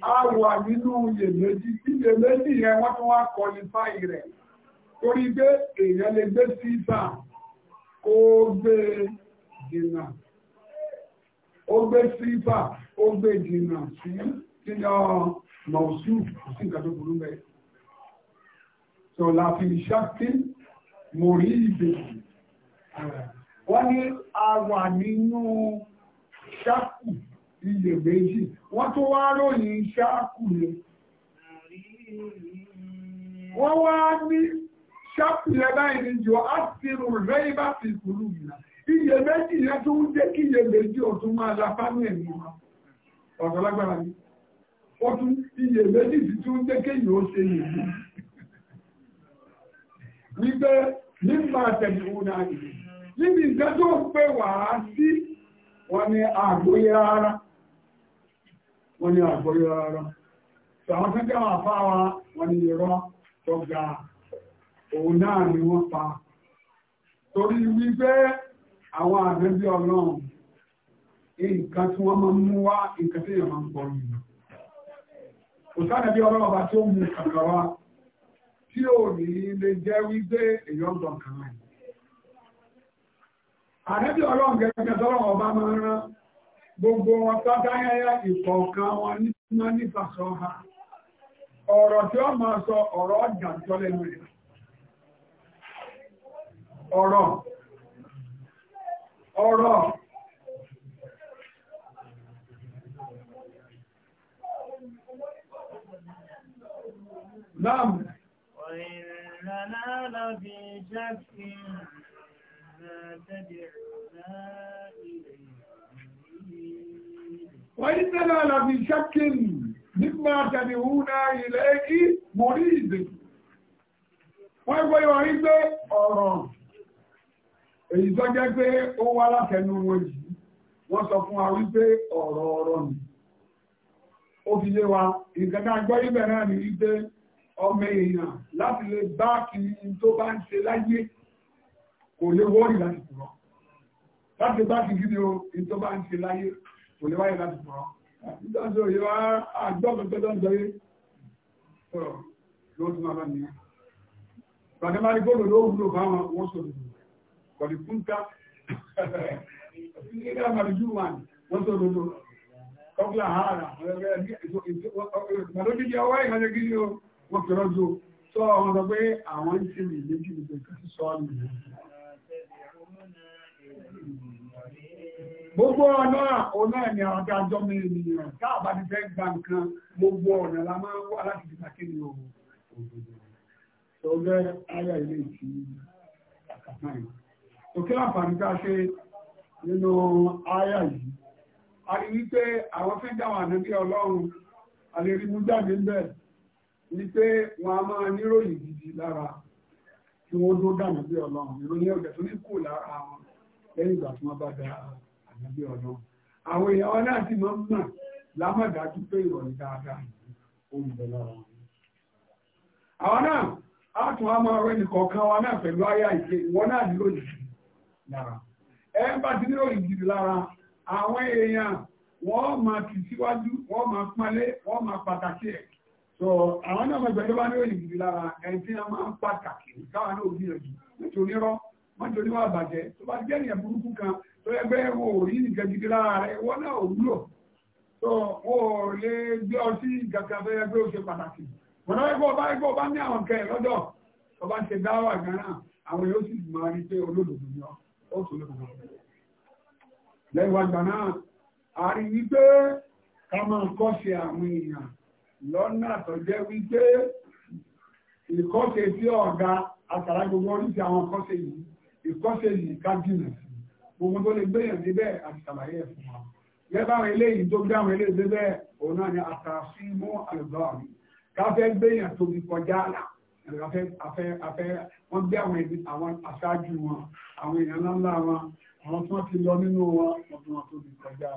a wà nínú iyèméjì tí iyèméjì yẹn wọ́n tún wá kọlifáì rẹ̀ torí pé èèyàn lè gbé síta kó gbé dìnnà ó gbé síta ó gbé dìnnà sí kí ni ọ mọ̀ọ́sù kò sí nǹkan tó burú bẹ́ẹ̀ sọ̀lá fi ṣáàkì mòrí ìbè wọ́n ní a wà nínú ṣáàkù iye méjì wọ́n tó wá ròyìn ṣáàkù ni wọ́n wá ní ṣáàkù yẹn báyìí ní jọ áṣírù rẹ̀ bá fi kúrú ìlà iye méjì yẹn tó ń jẹ́ kí iye méjì ó tún máa lapá ní ẹ̀mí wa ọ̀dọ́ lágbára ni ó tún iye méjì tí tún jẹ́ kí ó ṣe nìyí wípé nígbà tẹ̀lé náà nìyí níbi ìgbẹ́ tó ń sí wọn ni àgbóyé rárá wọ́n ni àgbọ́yé rárá. Àwọn tó jẹ́ wa wọ́n ni irọ́ tó ga òun náà ni wọ́n pa. Torí wípé àwọn àgbẹ̀bí ọlọ́run, nǹkan tí wọ́n máa mú wá nǹkan tí máa ń gbọ́ yìí. Kò ọlọ́run gbogbo wọn pátáyáyá ìkọ̀ọ̀kan wọn níná nífàṣọ ha ọ̀rọ̀ tí ó máa sọ ọ̀rọ̀ ọ̀dàjọ́ lẹ́nu rẹ̀ ọ̀rọ̀ ọ̀rọ̀ Nam. Ọ̀rìnlànà jẹ́ kí ń rẹ̀ náà ilẹ̀. وإننا لفي شك مما تدعون إليه مريد wọ́n gbọ́ yọ rí pé ọ̀rọ̀ èyí tó jẹ́ pé ó wá látẹnu wọn yìí wọ́n sọ fún wa wípé ọ̀rọ̀ ọ̀rọ̀ nì fi lé wa nǹkan náà gbọ́ yí bẹ̀rẹ̀ ní wípé ọmọ èèyàn láti lè bá kiri tó bá ń ṣe láyé kò lè wọ́ọ̀rì láti kúrọ̀ láti bá ti gidi o ìtọ́ bá ń ṣe láyé kò lè wáyé láti pọ̀ nítorí òye wá àjọ pẹ̀pẹ́ tó ń jọyé sọ̀rọ̀ ló tún máa bá nìyẹn. Bàtà máa rí bóòlù ló wúlò fáwọn wọ́n sọ̀rọ̀ kọ̀lì kúńtà nígbà màrí jù wà wọ́n sọ̀rọ̀ ló kọ́kúlà hàrà màló jíjẹ ọwọ́ ìhàlẹ̀ gidi o wọ́n kẹ̀rọ̀ jù sọ àwọn sọ pé àwọn ń ṣe nìyẹn jù nípa ìkàtí sọ́ọ̀nù Gbogbo ọ̀nà ọ̀nà ni àwọn adájọ́ mi ènìyàn táàbà ti fẹ́ gba nǹkan gbogbo ọ̀nà la máa ń wá láti fi kàkí ní ohun òdòdó. Ṣọ́gbẹ́ ayé ilé ìtì àkàtà yìí. Òkè àǹfààní ká ṣe nínú ayé yìí. A rí wípé àwọn fẹ́ dáwọn ànábí ọlọ́run, a lè rí mú jáde ń bẹ̀ wípé wọn a máa níròyìn gidi lára kí wọ́n tó dànù lẹ́yìn tí wọ́n bá da ànábì ọ̀nà àwọn èèyàn wọn láti mọ̀ lámọ̀dájú pé ìrọ̀lẹ́ dáadáa ohun lára wọn. àwọn náà á tún á máa rẹ́ nìkọ̀ọ̀kan náà pẹ̀lú ìwọ náà ní lòdì lára ẹ bá ti ní lára àwọn èèyàn wọ́n máa tì síwájú wọ́n máa wọ́n máa pàtàkì ẹ̀ àwọn náà mọ̀ ìgbẹ́jọba ní lòdì lára náà wọ́n torí wà bàjẹ́ tó bá jẹ́ ènìyàn burúkú kan tó yẹ pé wò ó yí nìkan gidi lára rẹ̀ wọ́n náà ò wúlò tó wò ó lè gbé ọtí kankan tó yẹ pé ó ṣe pàtàkì wọ́n náà ẹgbẹ́ ọba ẹgbẹ́ ọba ní àwọn kẹrin lọ́dọ̀ tó bá ṣe dáwà gan-an àwọn yóò sì máa rí pé olódodo ni ó tó lóko náà lẹ́yìn wá gbà náà a rí wípé ká máa kọ́ṣe àwọn èèyàn lọ́nà tó wípé ìkọ́ṣe sí ọ̀gá àtàrà gbogbo oríṣi àwọn kọ́ṣe yìí ìkọ́sẹ̀ yìí ká jìnà sí gbogbo tó lè gbéyàn níbẹ̀ àti sàlàyé ẹ̀ fún wa lẹ́bà àwọn eléyìí tó gbé àwọn eléyìí débẹ̀ òun náà ni àtàfin mú àlùbọ́ àmì káfẹ́ gbéyàn tóbi kọjá àlà afẹ́ afẹ́ afẹ́ wọ́n gbé àwọn ẹbí àwọn aṣáájú wọn àwọn èèyàn ńláńlá wọn àwọn tí wọ́n ti lọ nínú wọn wọ́n fi wọn tóbi kọjá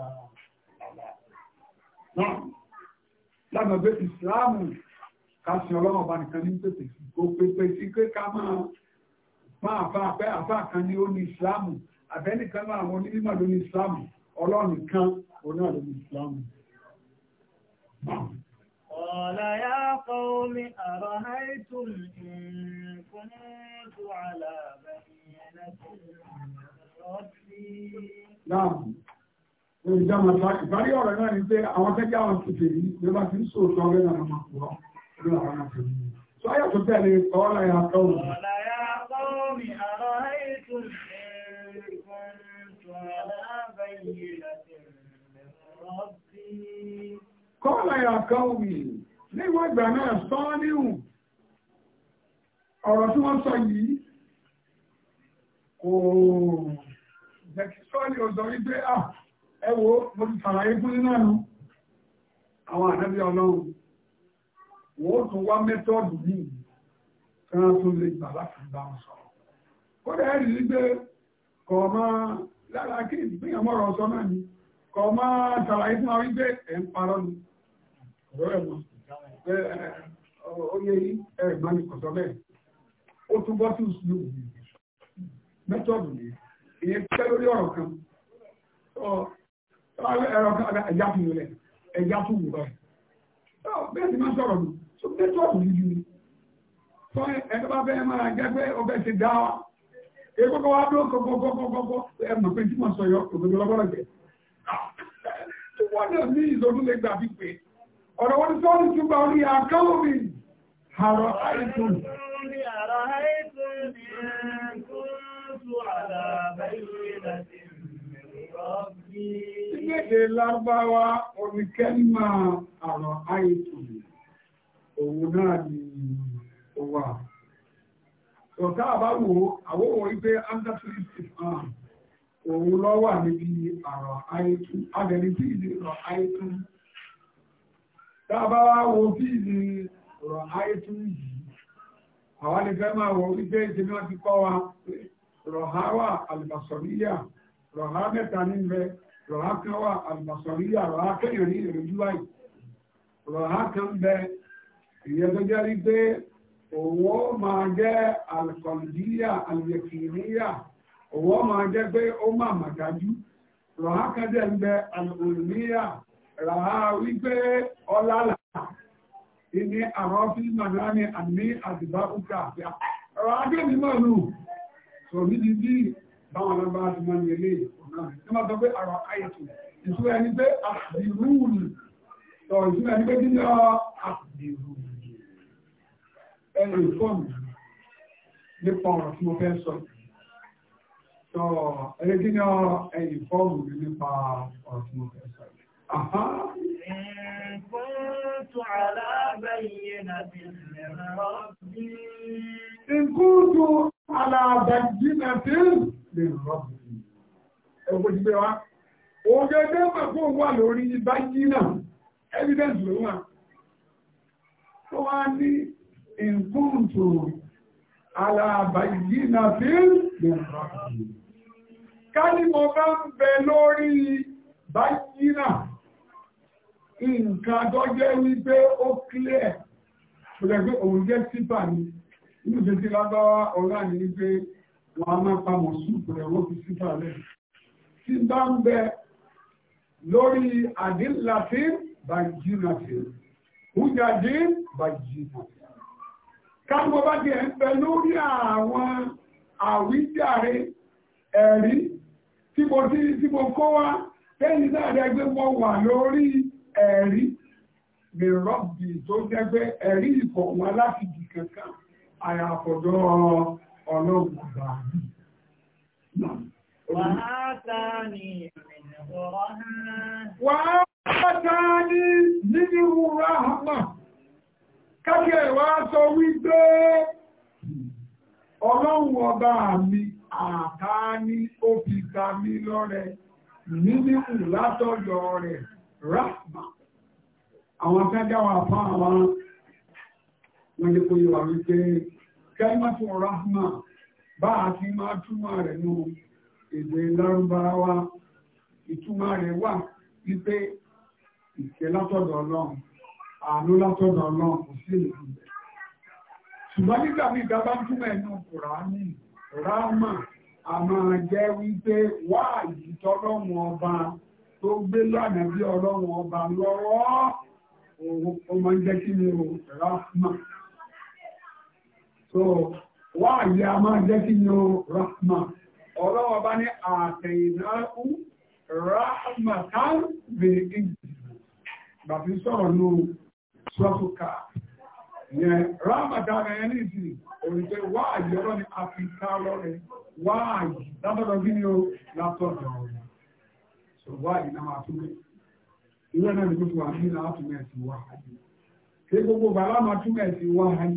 àlà náà lábàá pé ìsìláàmù ká sin ọlọ́run ọba nìkan ní pèpè sí kó pèpè sí pé ká máa máa fa àpẹ́ àfa kan ní ó ní ìsìláàmù àbẹ́nìkan náà àwọn onímọ̀ ló ní ìsìláàmù ọlọ́run kan òun náà ló ní ìsìláàmù. قال يا قوم أرهيتم إن كنت على بينة ربي نعم ìjọba ìparí ọ̀rọ̀ náà ni pé àwọn tẹ́jà àwọn kìtìrí ló bá ti ń sòótọ́ ọ̀rẹ́ náà máa pọ̀ ọ́ ló làwọn máa fi ń yẹ. Sọ́yà tó tẹ̀lé kọ́ọ̀lá ya kọ́ọ̀lù. Kọ́ọ̀lá ya kọ́ọ̀lù àrọ̀ ẹ̀ẹ́tùn Kọ́ọ̀lá ya náà sọ́ níhùn. Ọ̀rọ̀ tí wọ́n sọ yìí kò wọ́n tún wá mẹ́tọ́ọ̀dù ní kan tó lè gbà láti bá wọn sọ̀rọ̀ kódà ẹ̀rí wípé kọ̀ máa lára kí ìgbéyàn mọ́rọ̀ sọ náà ni kọ̀ máa tàlàyé fún wa wípé ẹ̀ ń parọ́ ni ọ̀rọ̀ ẹ̀ mọ́ oyè ẹ̀gbọ́n ni kò sọ bẹ́ẹ̀ ó tún bọ́ sí ìṣúná òbí mẹ́tọ́ọ̀dù ni ìyẹn pẹ́ lórí ọ̀rọ̀ kan ẹ̀rọ kan ẹ̀já fún mi rẹ̀ fún mi bẹ́ẹ̀ ni máa sọ̀rọ̀ mi so network yìí ni fún ẹni bá bẹ́ẹ̀ máa jẹ́ pé ọbẹ̀ ti dá wa èyí kọ́kọ́ wá dúró kọ́kọ́kọ́kọ́ ẹ mọ̀ pé tí mo sọ yọ òdodo lọ́gbọ́dọ̀ jẹ́ tó wọ́n náà ní ìzọ́dún lè gbà pípé ọ̀rọ̀ wọn sọ́ọ́nù tún bá orí àkáwọ̀ mi àrọ̀ àìsùn. Ilé-èdè Lárúbáwá oníkẹ́lìmọ̀ àrọ̀ àìsùn. òun náà ni ó wà. Ọ̀tá àbáwò àwòrán wípé Amdafilip Islam òun lọ wà níbi àrọ̀ àìtú abẹ̀lí tí rọ̀ àìtú. Tá a bá wá wo tí rọ̀ àìtú yìí, àwa lè fẹ́ máa wọ wípé ìsinmi wọn kọ́ wa rọ̀há wà ha rọ̀há mẹ́ta níbẹ̀ rọ̀há kan wà àlùbàṣọ̀ríyà kẹ́yìn ní kan bẹ́ẹ̀. ìyẹn tó jẹ́ rí pé òwò máa jẹ́ alkọ̀lìdíyà alìyẹ̀kìníyà òwò máa jẹ́ pé ó máa mà dájú ràá kẹ́dẹ̀ ń bẹ alùmíyà ràá wípé ọlálà ìní àwọn fílmàdá àmì àdìbá àfíà ràá kẹ́mi mọ̀ nù sòmí ti bí báwọn alábàá ti mọ̀ ní ilé ìfọ̀nà ní wọ́n pé àrọ̀ àyẹ̀tò ìṣúra ẹni pé àdìrúùlù sọ ìṣúná ní pé kí lọ àpèrò ẹnu ìfọ́ọ̀mù nípa ọ̀rọ̀ tí mo fẹ́ sọ sọ ẹni kí lọ ẹnu ìfọ́ọ̀mù nípa ọ̀rọ̀ tí mo fẹ́ sọ كنت على بينة من ربي إن كنت على بينة من ربي Ogedema kó wà lórí báyìí náà evidence ló wà tó wá ní ìkúntù aláàbàyí na fíìlì ká ní mo bá ń bẹ lórí báyìí náà nǹkan tó jẹ́ wípé ó clear ṣùgbẹ́ pé òun jẹ́ sípà ní inú ṣe tí lágbáwá ọ̀rá ní wípé wọ́n máa pamọ̀ súùpù rẹ̀ wọ́n fi sípà rẹ̀ tí bá ń bẹ lórí àdínláfíìlì bàjínàtì hújáde bàjínàtì káàkùn bá jẹ́ ń bẹ lórí àwọn àwíjàre ẹ̀rí tí mo tí tí mo kó wá tẹ́yìn náà dẹ́gbẹ́ mo wà lórí ẹ̀rí mi rọ́bì tó dẹ́gbẹ́ ẹ̀rí ìkọ̀ wọn láti di kankan àyàfọ̀dọ́ ọlọ́gbọ̀gbà Wàhátà ni ìrìnàwó ọ̀hán látàrí nínú ráhàmà kákẹ́ wá sọ wípé ọlọ́run ọba mi àtàní ó fi ta mí lọ́rẹ nínú látọ̀yọ̀ rẹ̀ ráhàmà àwọn tẹ́jọ́ wà fún àwọn wọ́n jẹ́ kó yíwa wípé kẹ́lmọ́tò ráhàmà bá a ti máa túmọ̀ rẹ̀ nù èdè lárúbáwá ìtumọ̀ rẹ̀ wà wípé ìfẹ́ látọ̀dọ̀ ọlọ́run àánú látọ̀dọ̀ ọlọ́run kò sí èlò ìbẹ̀. ṣùgbọ́n nígbà míì bá bá ń túmọ̀ ẹnu kùránì ráàmà a máa jẹ́ wípé wáàyí tọ́lọ́run ọba tó gbé lánàá bí ọlọ́run ọba lọ́wọ́ ó máa ń jẹ́ kí ni o ráàmà. so wáàyí a máa jẹ́ kí ni o ráàmà ọlọ́run ọba ní àtẹ̀yìnlá ráàmà táwọn bèrè kejì bàbí sọ̀rọ̀ ní sọ́fùkà yẹn ramadan ẹ̀yẹn ní ìsìn òrìṣẹ́ wá àyè ọlọ́ ni a fi ká lọ́rẹ̀ wá àyè látọ̀dọ̀ kí ni ó látọ̀dọ̀ ọ̀rọ̀ sọ wá àyè náà máa túmẹ̀ ìwé náà ní gbogbo àmì náà túmẹ̀ sí wá àyè ṣé gbogbo bàbá máa túmẹ̀ sí wá àyè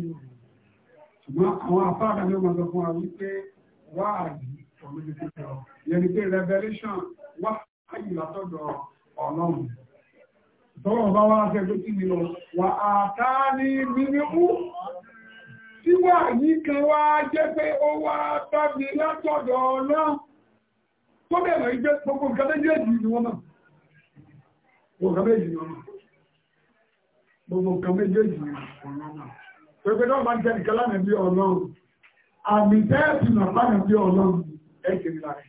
ṣùgbọ́n àwọn afáàdà ni ó máa sọ fún wa wípé wá àyè ọ̀rọ̀ yẹn ni pé revelation wá àyè látọ̀dọ̀ ọlọ́run tọ́wọ́ bá wá ṣe tó tíbi lọ wà àtà ní mímú tí wà ní kan wá jẹ́ pé ó wá tábí látọ̀dọ̀ náà tó bẹ̀rẹ̀ ìgbé gbogbo nǹkan méjèèjì ni wọ́n náà gbogbo nǹkan méjèèjì ni wọ́n náà gbogbo nǹkan méjèèjì ni wọ́n náà pẹ̀lú náà máa ń jẹ́ nìkan lánàá bí ọlọ́run àmì tẹ́ẹ̀sì náà lánàá bí ọlọ́run ẹ̀kẹ́ mi lára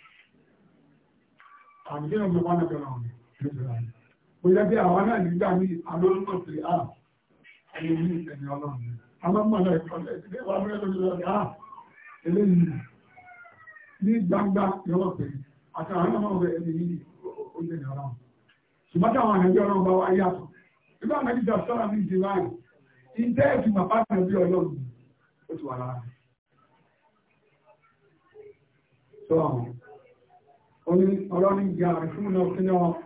àmì kò yẹ bí ah, ah, àwọn náà nígbà ní alóńgbò pé à ayé ní ẹni ọlọ́run ni àwọn mọ̀lá ìkọlẹ̀ ìdílé wa mẹ́rin lórí ọ̀rẹ́ à eléyìí ní gbangba yọ̀rọ̀ pé àtàwọn náà mọ̀ ẹni yìí ó lè ní ọlọ́run ṣùgbọ́n táwọn àyẹ̀jọ́ ọlọ́run bá wá yàtọ̀ nígbà náà nígbà sọ́ra ní ìdí láàrín ìdẹ́ ẹ̀sùn bàbá kan bí ọlọ́run ó ti wà láàrín. sọ àwọn oní ọlọ́run ìyá rẹ̀ fún náà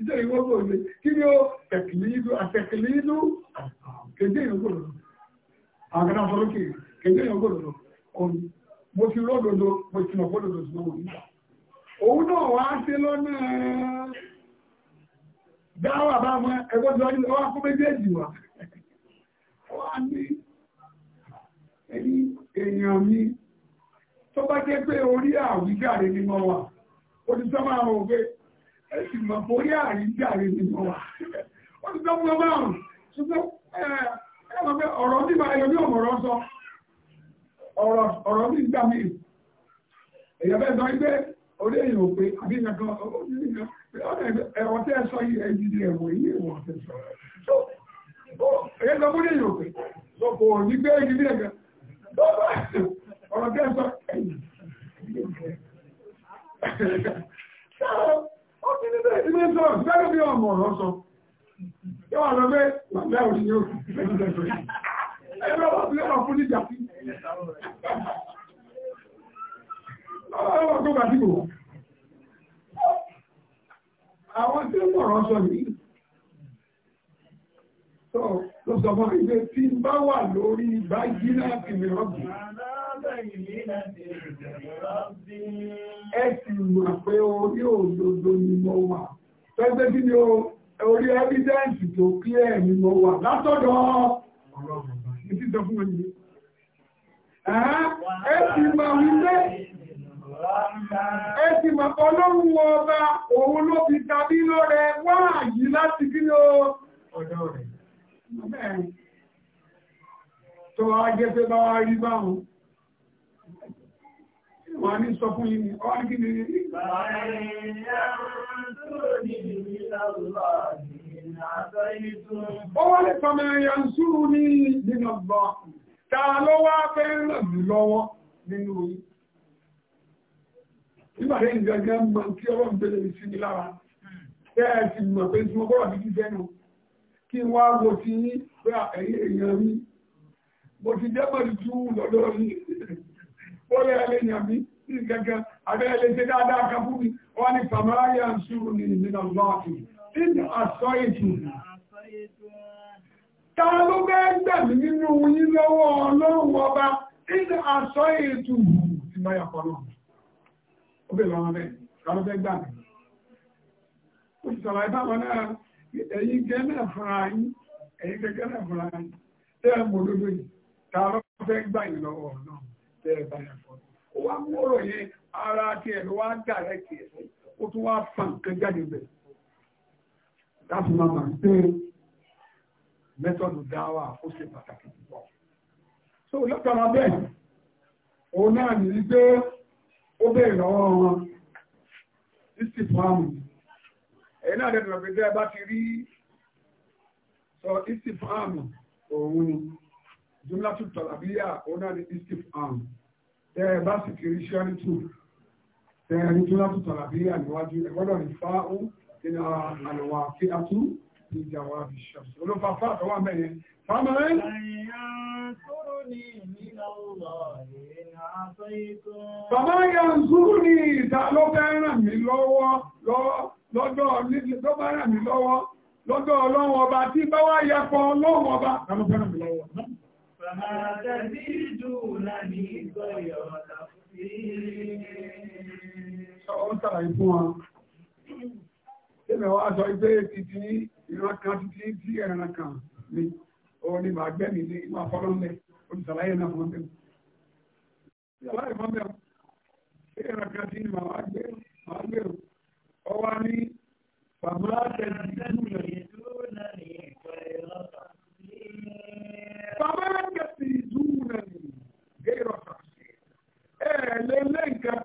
iṣẹ́ ìwọ́gbọ̀ ilé kí ni ó tẹ̀kìlídú àtẹ̀kìlídú kéde ìyọ̀gbọ̀lọ̀ àgbàdà sọ́lọ́kì kéde ìyọ̀gbọ̀lọ̀ ọ̀nà mo ti rọ́dọ̀dọ̀ mo ti nà gbọ́dọ̀dọ̀ sí wọn nígbà òun náà wá sí lọ́nà dáwà bá mọ ẹgbẹ́ tó wájú ọwọ́ fún méjèèjì wa wá ní ẹni èèyàn mi tó bá jẹ́ pé orí àwíjàre ni mo wà ó ti sọ máa wọ pé ẹ̀sìn mọ̀ borí àrí jàre nínú wa wọ́n ti tọ́kùn lọ márùn-ún ṣùgbọ́n ẹ̀rọ pé ọ̀rọ̀ ní ma ẹ̀yọ́ ní ọ̀rọ̀ sọ ọ̀rọ̀ ní ìgbà mi èyàn bẹ́ẹ̀ sọ pé orí èyàn ò pé àbí ìyàn kan ẹ̀rọ tẹ́ sọ yìí ẹ̀yìn ní ẹ̀wọ̀ yìí ẹ̀wọ̀ tẹ́ sọ èyàn sọ fún èyàn ò pé so kò ní gbé ẹ̀yìn ní ẹ̀gẹ́ ọ̀rọ̀ tẹ́ sọ ẹ̀yìn ó ti ní bẹ́ẹ̀ ilé sọ gbẹ́rù bí ọmọ ọ̀rọ̀ sọ yóò wà lọ pé wàlẹ́ òsì yóò lẹ́yìn lẹ́sọ̀ yìí ẹgbẹ́ wà sílẹ̀ wà fún níjà sí ọwọ́ tó bá dìbò àwọn tí ó mọ̀rọ̀ sọ yìí ló sọ fún mi pé tí n bá wà lórí bá jí láti mìíràn jù Ẹ sì mọ̀ pé orí òdodo ni mo wà. Fẹ́gbẹ́ kí ni o, orí ẹ́fídẹ́ǹsì tó clear ni mo wà látọ̀dọ̀ ọlọ́run. Ní títọ́ fún mi. Ẹ sì ọlọ́run ọba òun ló fi tàbí lọ́rẹ wá yìí láti kí ni o ọ̀dọ̀ rẹ̀. Tó wá pé bá wá rí báwọn wọ́n ní sọ fún yìí ọwá kí ni ó wá lè sọ mẹ́rin yà ń súrù ní nínú ọgbà ta ló wá fẹ́ ràn mí lọ́wọ́ nínú yìí nígbàdé ìgbẹ̀gẹ́ mọ̀ kí ọwọ́ ń bẹ̀rẹ̀ sí mi lára bẹ́ẹ̀ sì mọ̀ pé tí mo bọ́rọ̀ bí jíjẹ́ nù kí wá wo ti yí pé èèyàn mi mo ti jẹ́ pẹ̀lú tú lọ́dọ̀ yìí ó lẹ́ ẹlẹ́ yàn gẹ́gẹ́ abẹ́ ṣe dáadáa kan wọ́n ní fàmáyà ń ṣúrù ní ìmìnà lọ́ọ̀kì nínú àṣọ ètò ta nínú yín lọ́wọ́ ọlọ́run ọba nínú àṣọ ètò ìmọ̀yà kan náà ó lọ́wọ́ bẹ́ẹ̀ gbà yín náà tẹ́ ẹ ó wá mú ọ̀rọ̀ yẹn ara ti ẹ̀ ló wá dà rẹ̀ kì í sí ó tún wá fa nǹkan jáde bẹ̀. láti máa máa gbé mẹ́tọ́dù dáwà ó ṣe pàtàkì púpọ̀. so lọ́tọ̀ọ̀rọ̀ bẹ́ẹ̀ òun náà nìyí pé ó bẹ̀rẹ̀ lọ́wọ́ wọn sísì fáàmù ẹ̀yìn náà dẹ̀dọ̀ pé bá ti rí sọ sísì fáàmù òun ni jùmlá tó tọ̀làbíyà òun náà ní sísì fáàmù tẹ́ ẹ bá sì kiri ṣẹ́rìtù tẹ́ ẹ ní túnlátù tàbí àníwájú ẹ gbọ́dọ̀ ní fa ó nínú àlọ́wà kí a tún ní ìjà wa bí ṣàṣù olófa fa àtọwà mẹ́yẹn fámọ́ Bàbá yà ń súrù ní ìta ló fẹ́ ràn mí lọ́wọ́ lọ́dọ̀ tó bá ràn mí lọ́wọ́ lọ́dọ̀ ọlọ́run ọba tí bá wá yẹ kan ọlọ́run ọba. Ta ló fẹ́ ràn mí lọ́wọ́? فما تزيدونني sọ ipé títí ìran kan títí tí ẹran kan ni òun ni màá gbẹ́mí ní ìwà fọ́lọ́mẹ́ olùsàlàyé náà fún ọdún. Ìsàlàyé fún ọdún tí ẹran kan tí màá gbé màá gbé o. Ọ wá ní bàbá tẹ̀sí ìlú rẹ̀. فما يستيزونني غير تقصير اعلن لك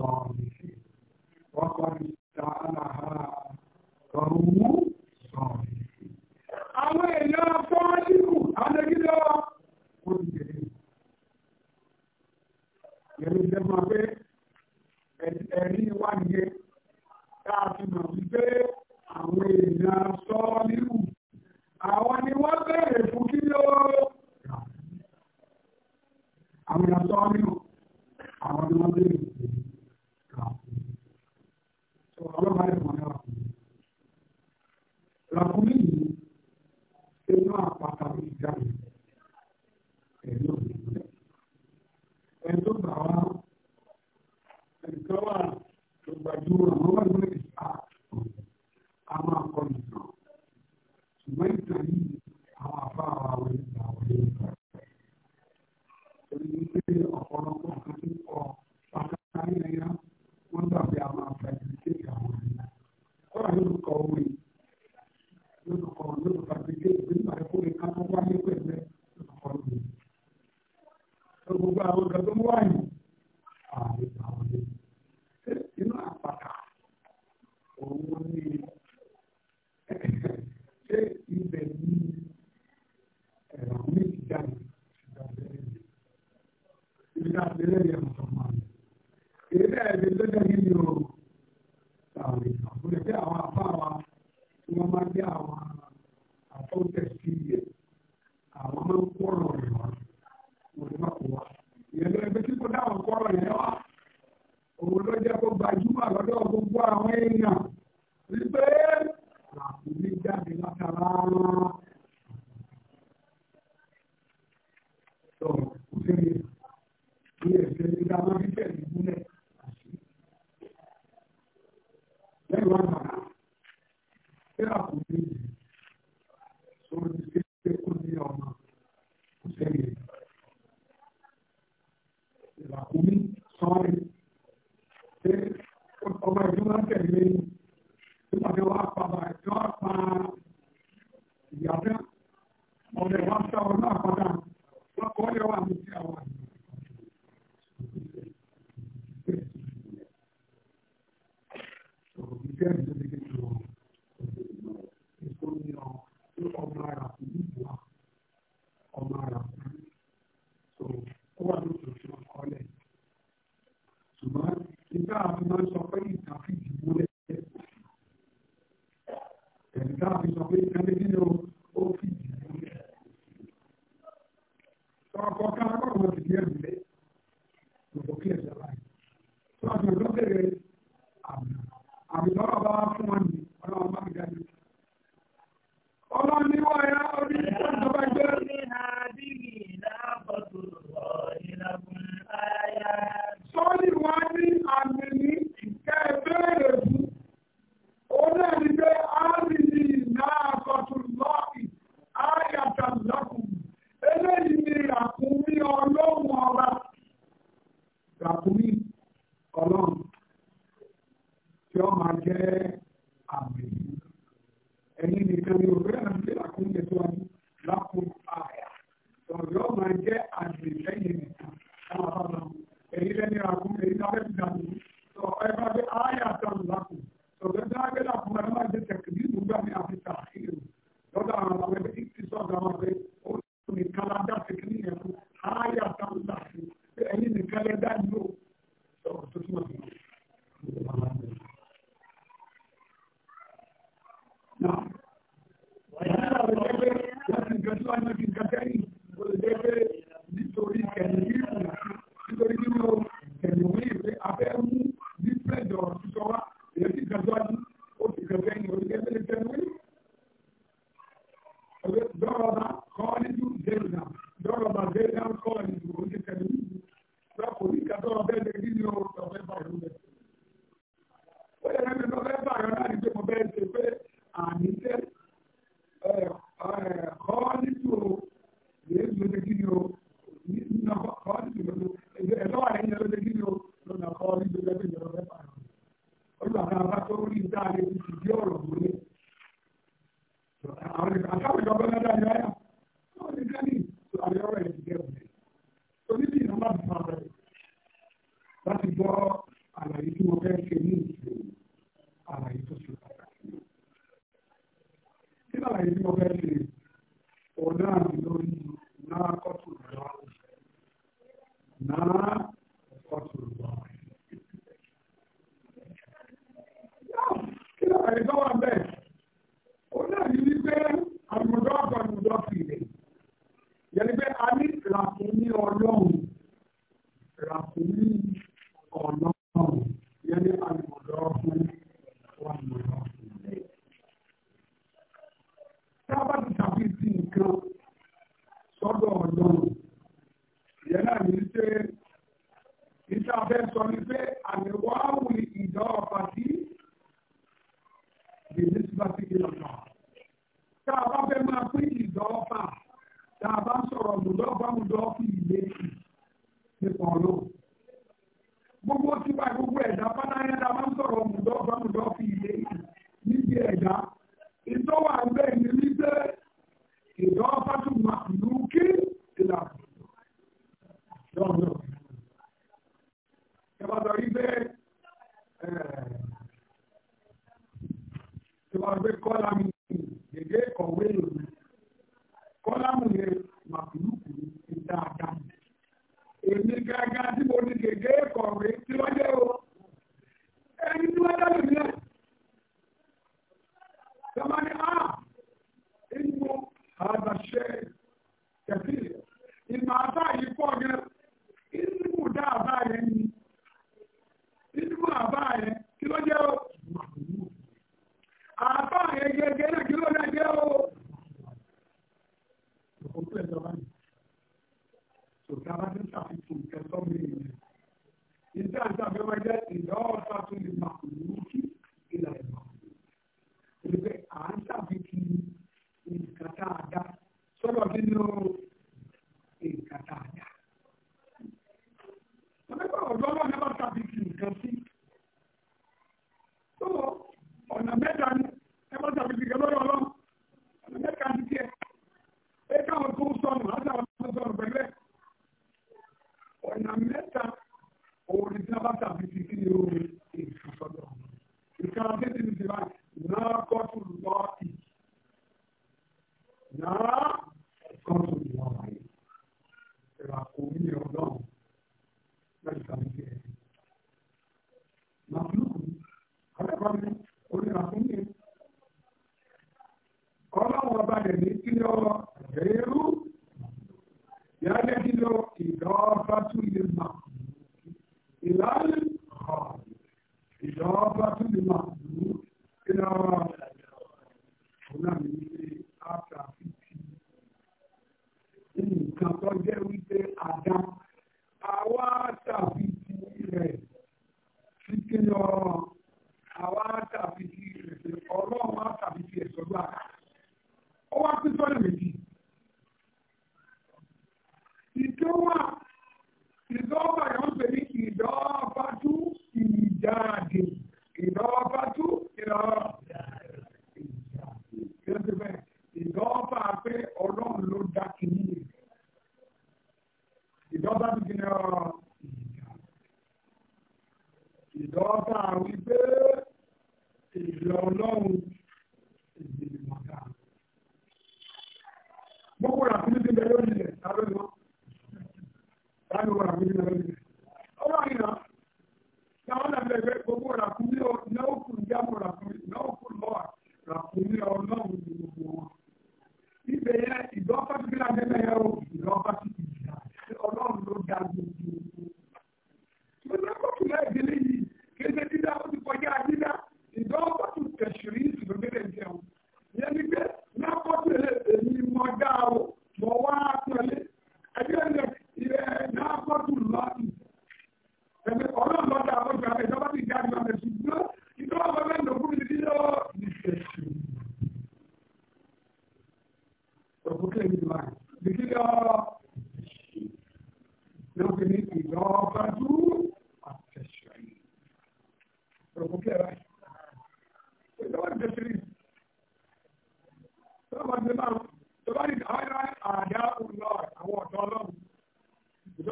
الصالحين وقد استعمها قوم صالحين أما إلا فاجر أنا كده قل جديد يعني لما بيه ẹ̀rí wá yẹ tá a fi mọ̀ àwọn èèyàn sọ nírú àwọn ni wọ́n bẹ̀rẹ̀ fún kí ló àwọn èèyàn sọ nírú.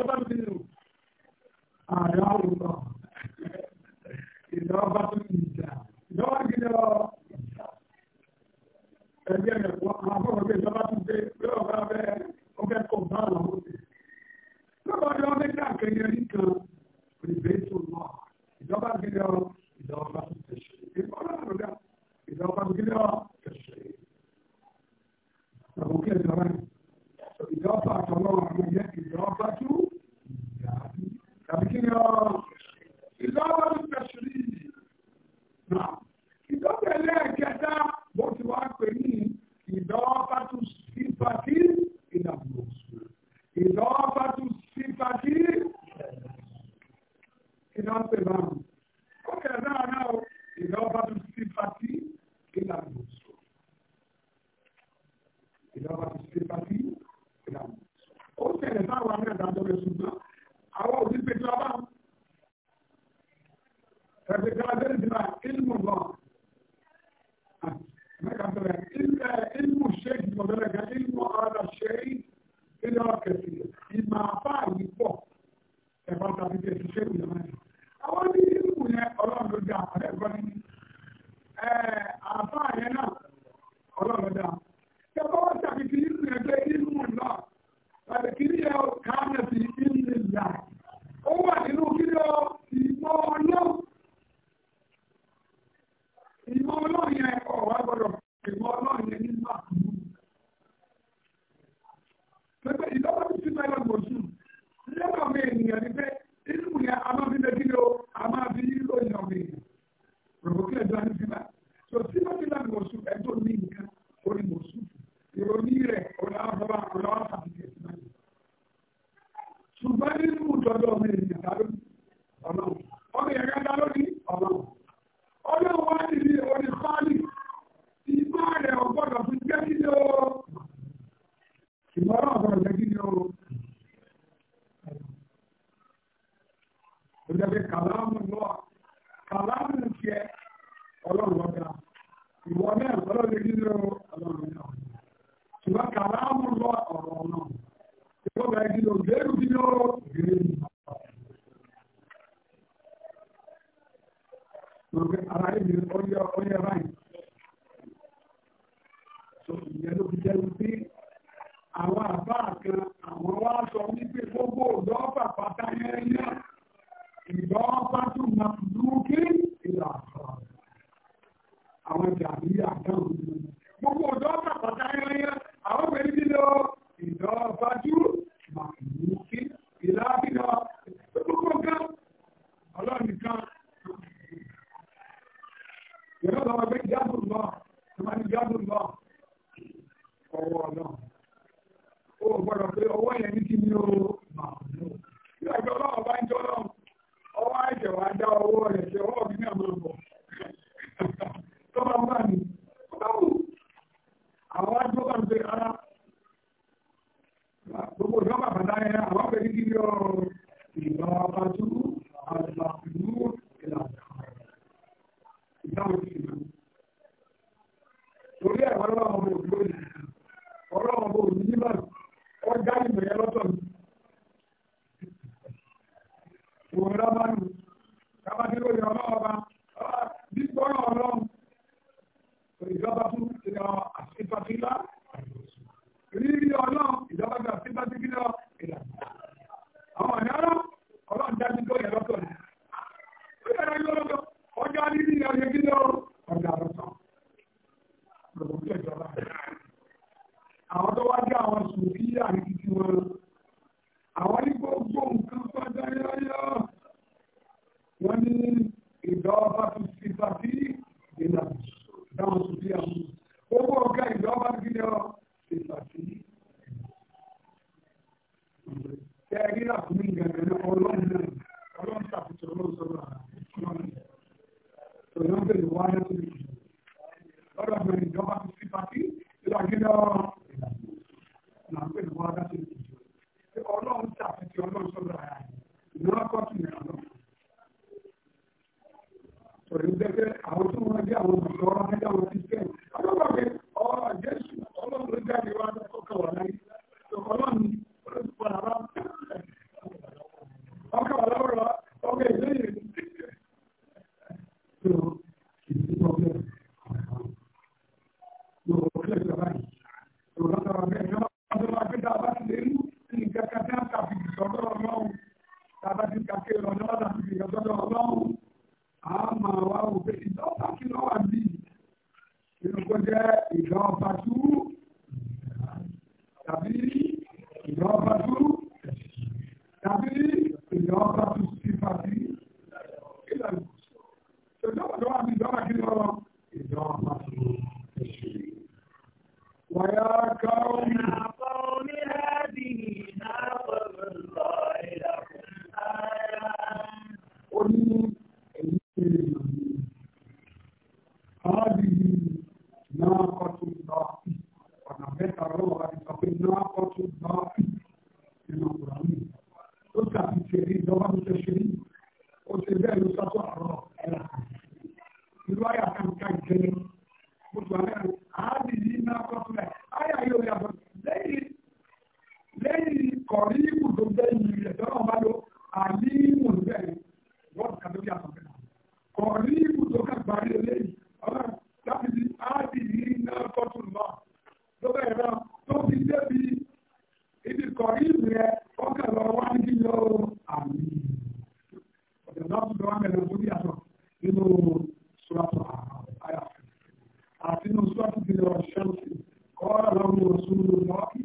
bá mi lò ààrẹ àwòrán ìjọba bá tún ní ìjà ìjọba kí lọ ẹgbẹ́ rẹ̀ wọ́n àwọn afọ́nà pé ìjọba tún dé pé ọ̀gá abẹ́ ọgbẹ́ kò bá àwọn òde. lọ́wọ́ ni wọ́n fẹ́ dá àkẹyẹ nìkan ìgbésùn náà ìjọba kí lọ. olha, apenas uma primeira chance. Ora, vamos, assunto do nós.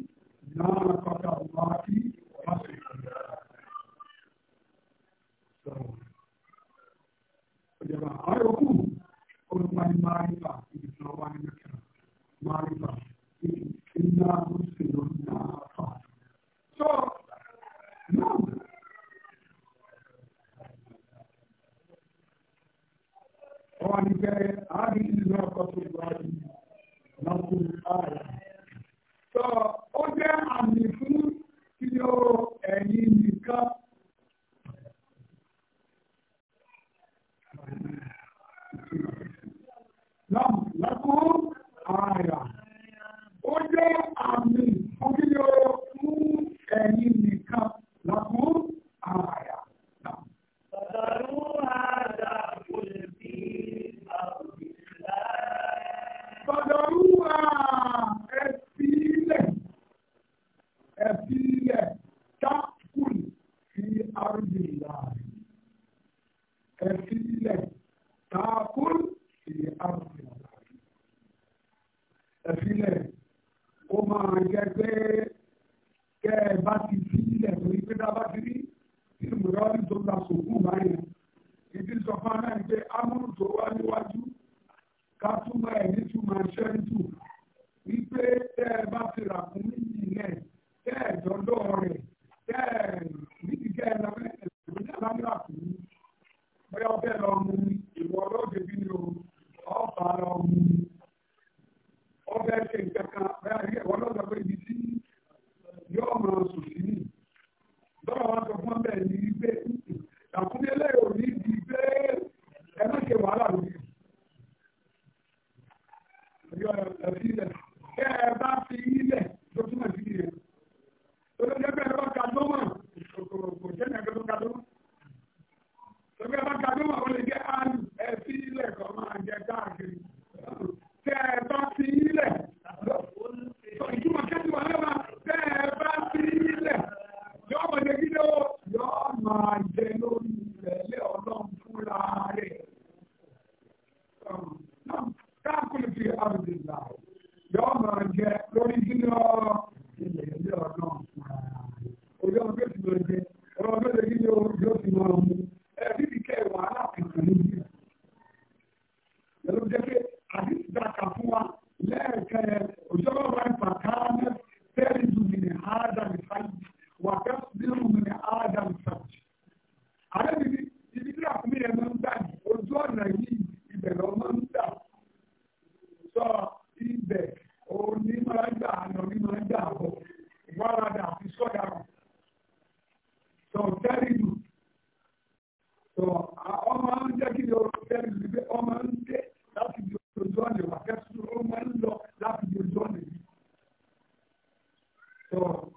Gracias.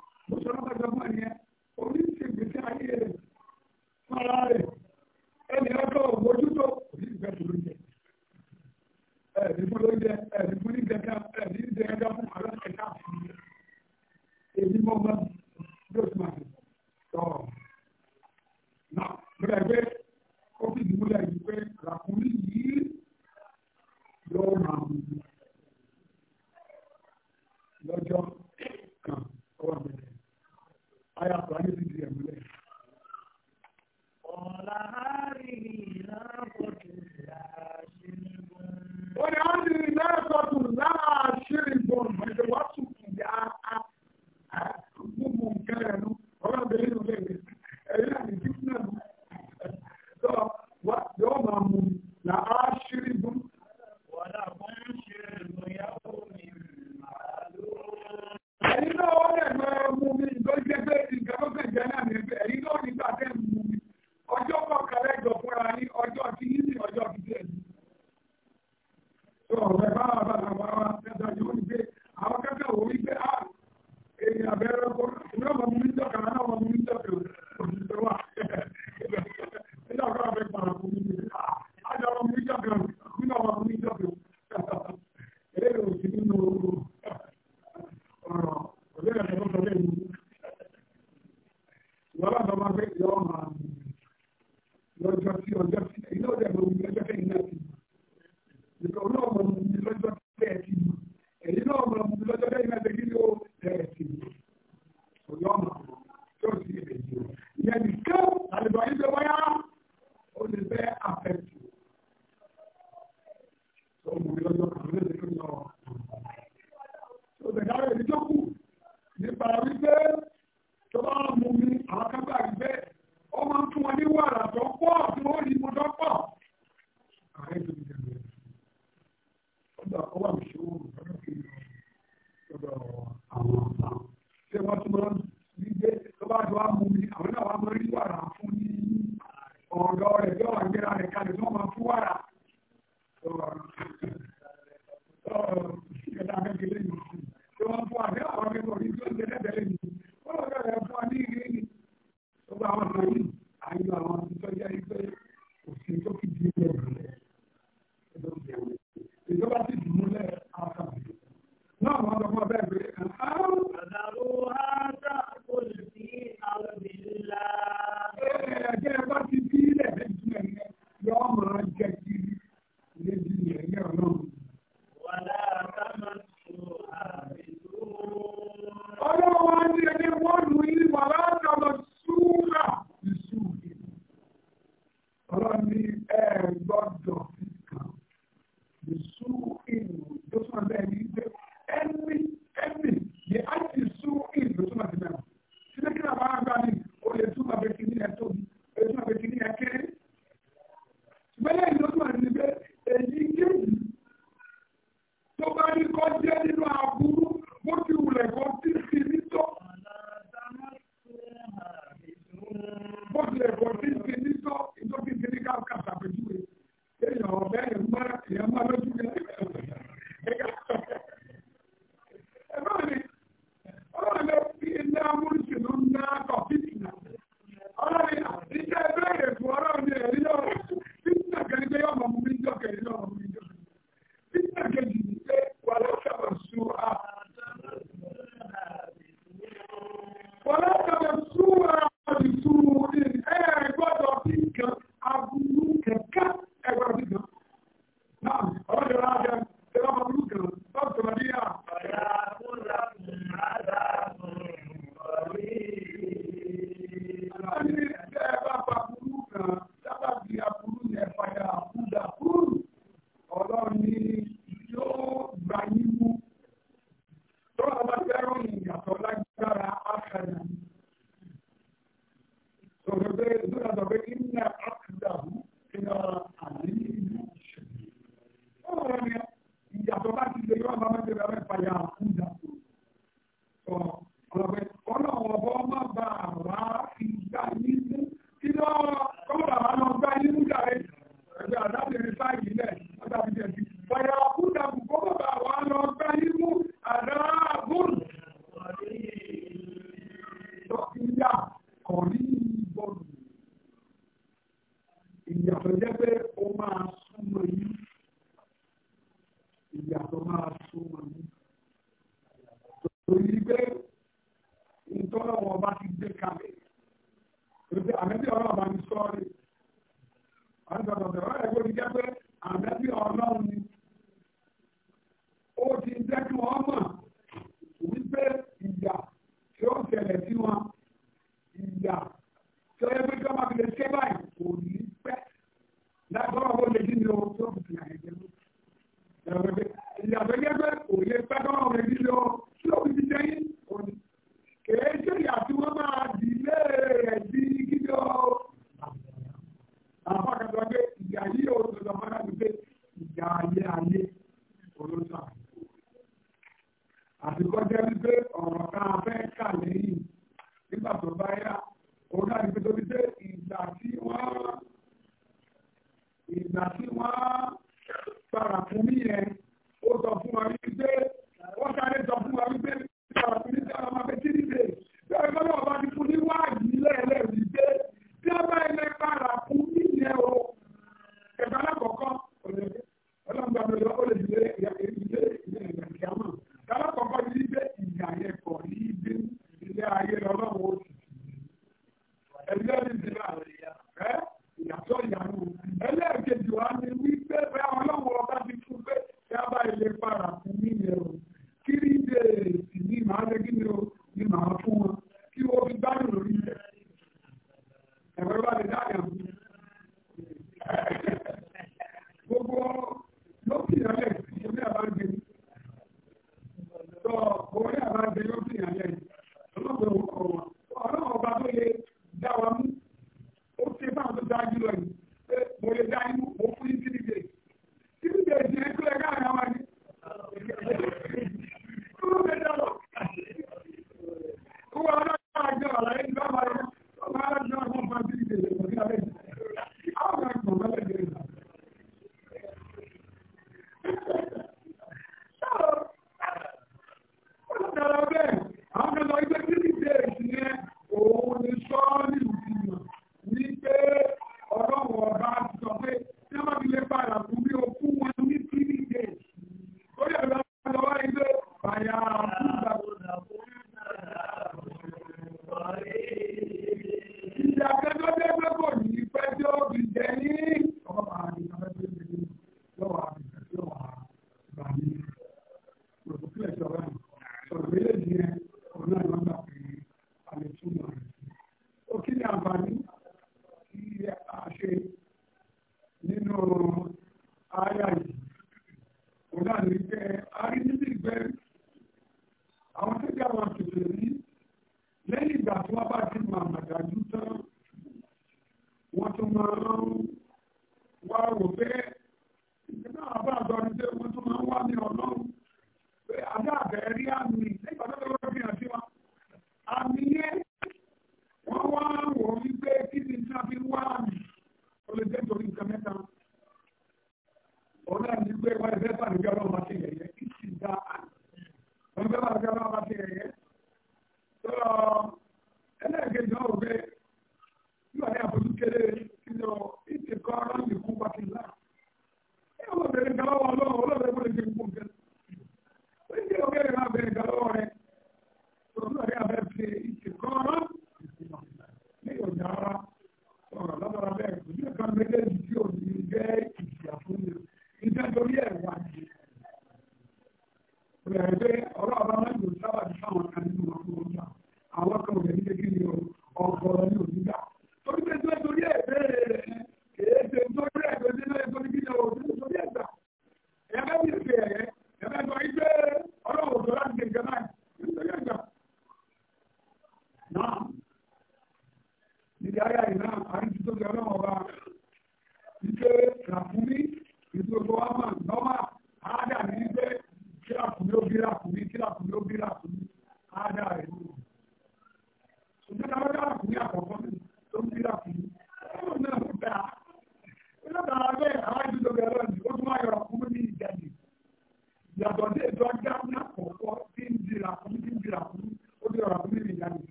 yàtọ̀ sí ìjọ dáná kọ̀ọ̀kọ́ tí ń jìrà fún tí ń jìrà fún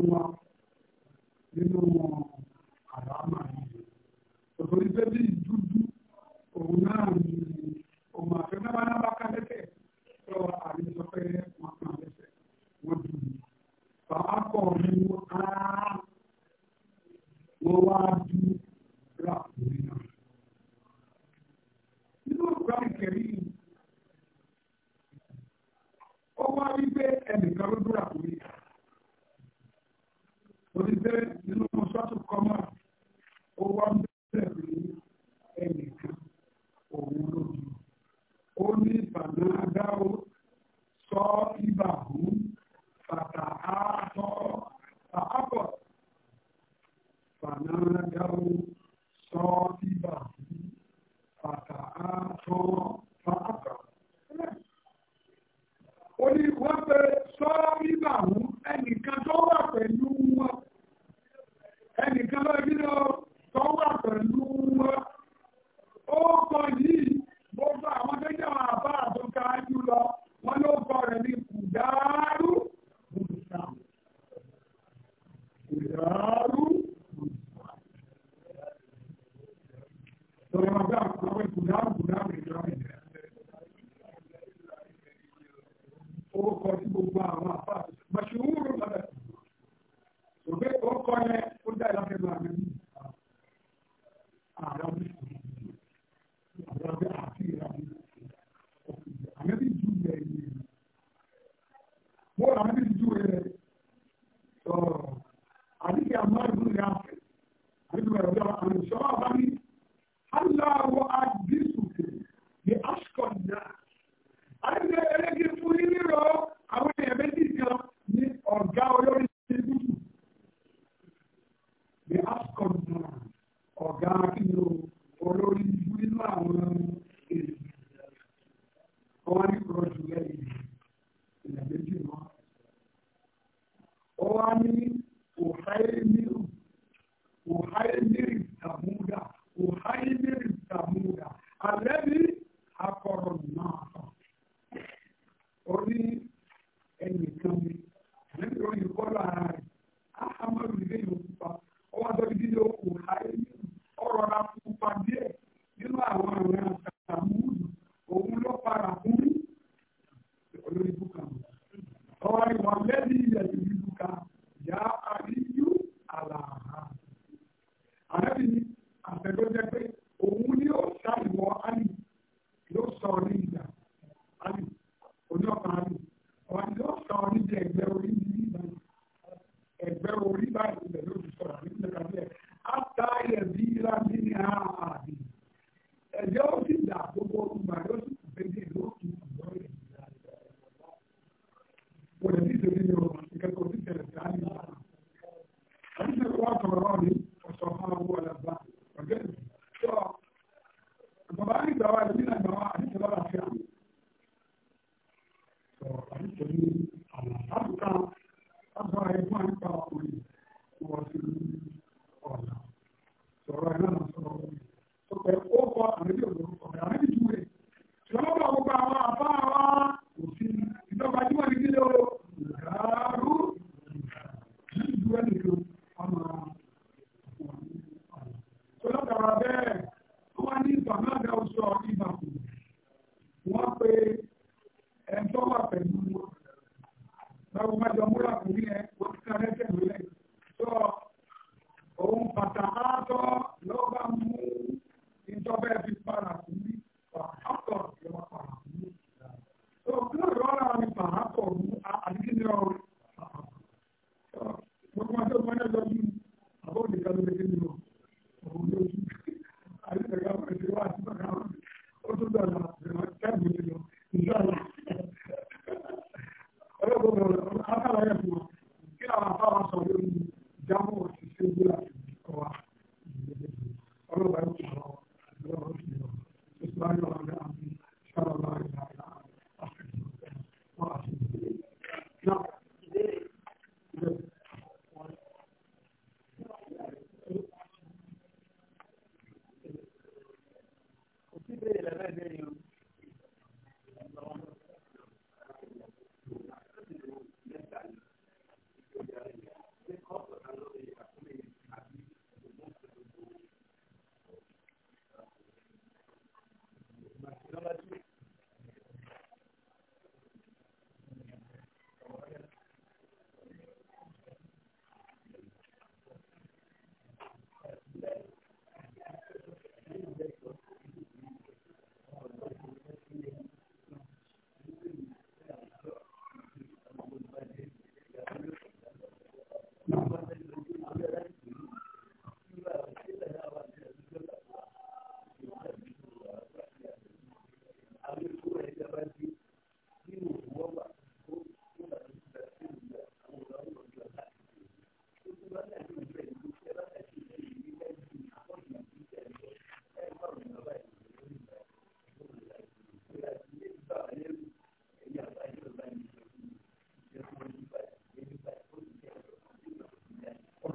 Allah. ọ̀rọ̀ mi.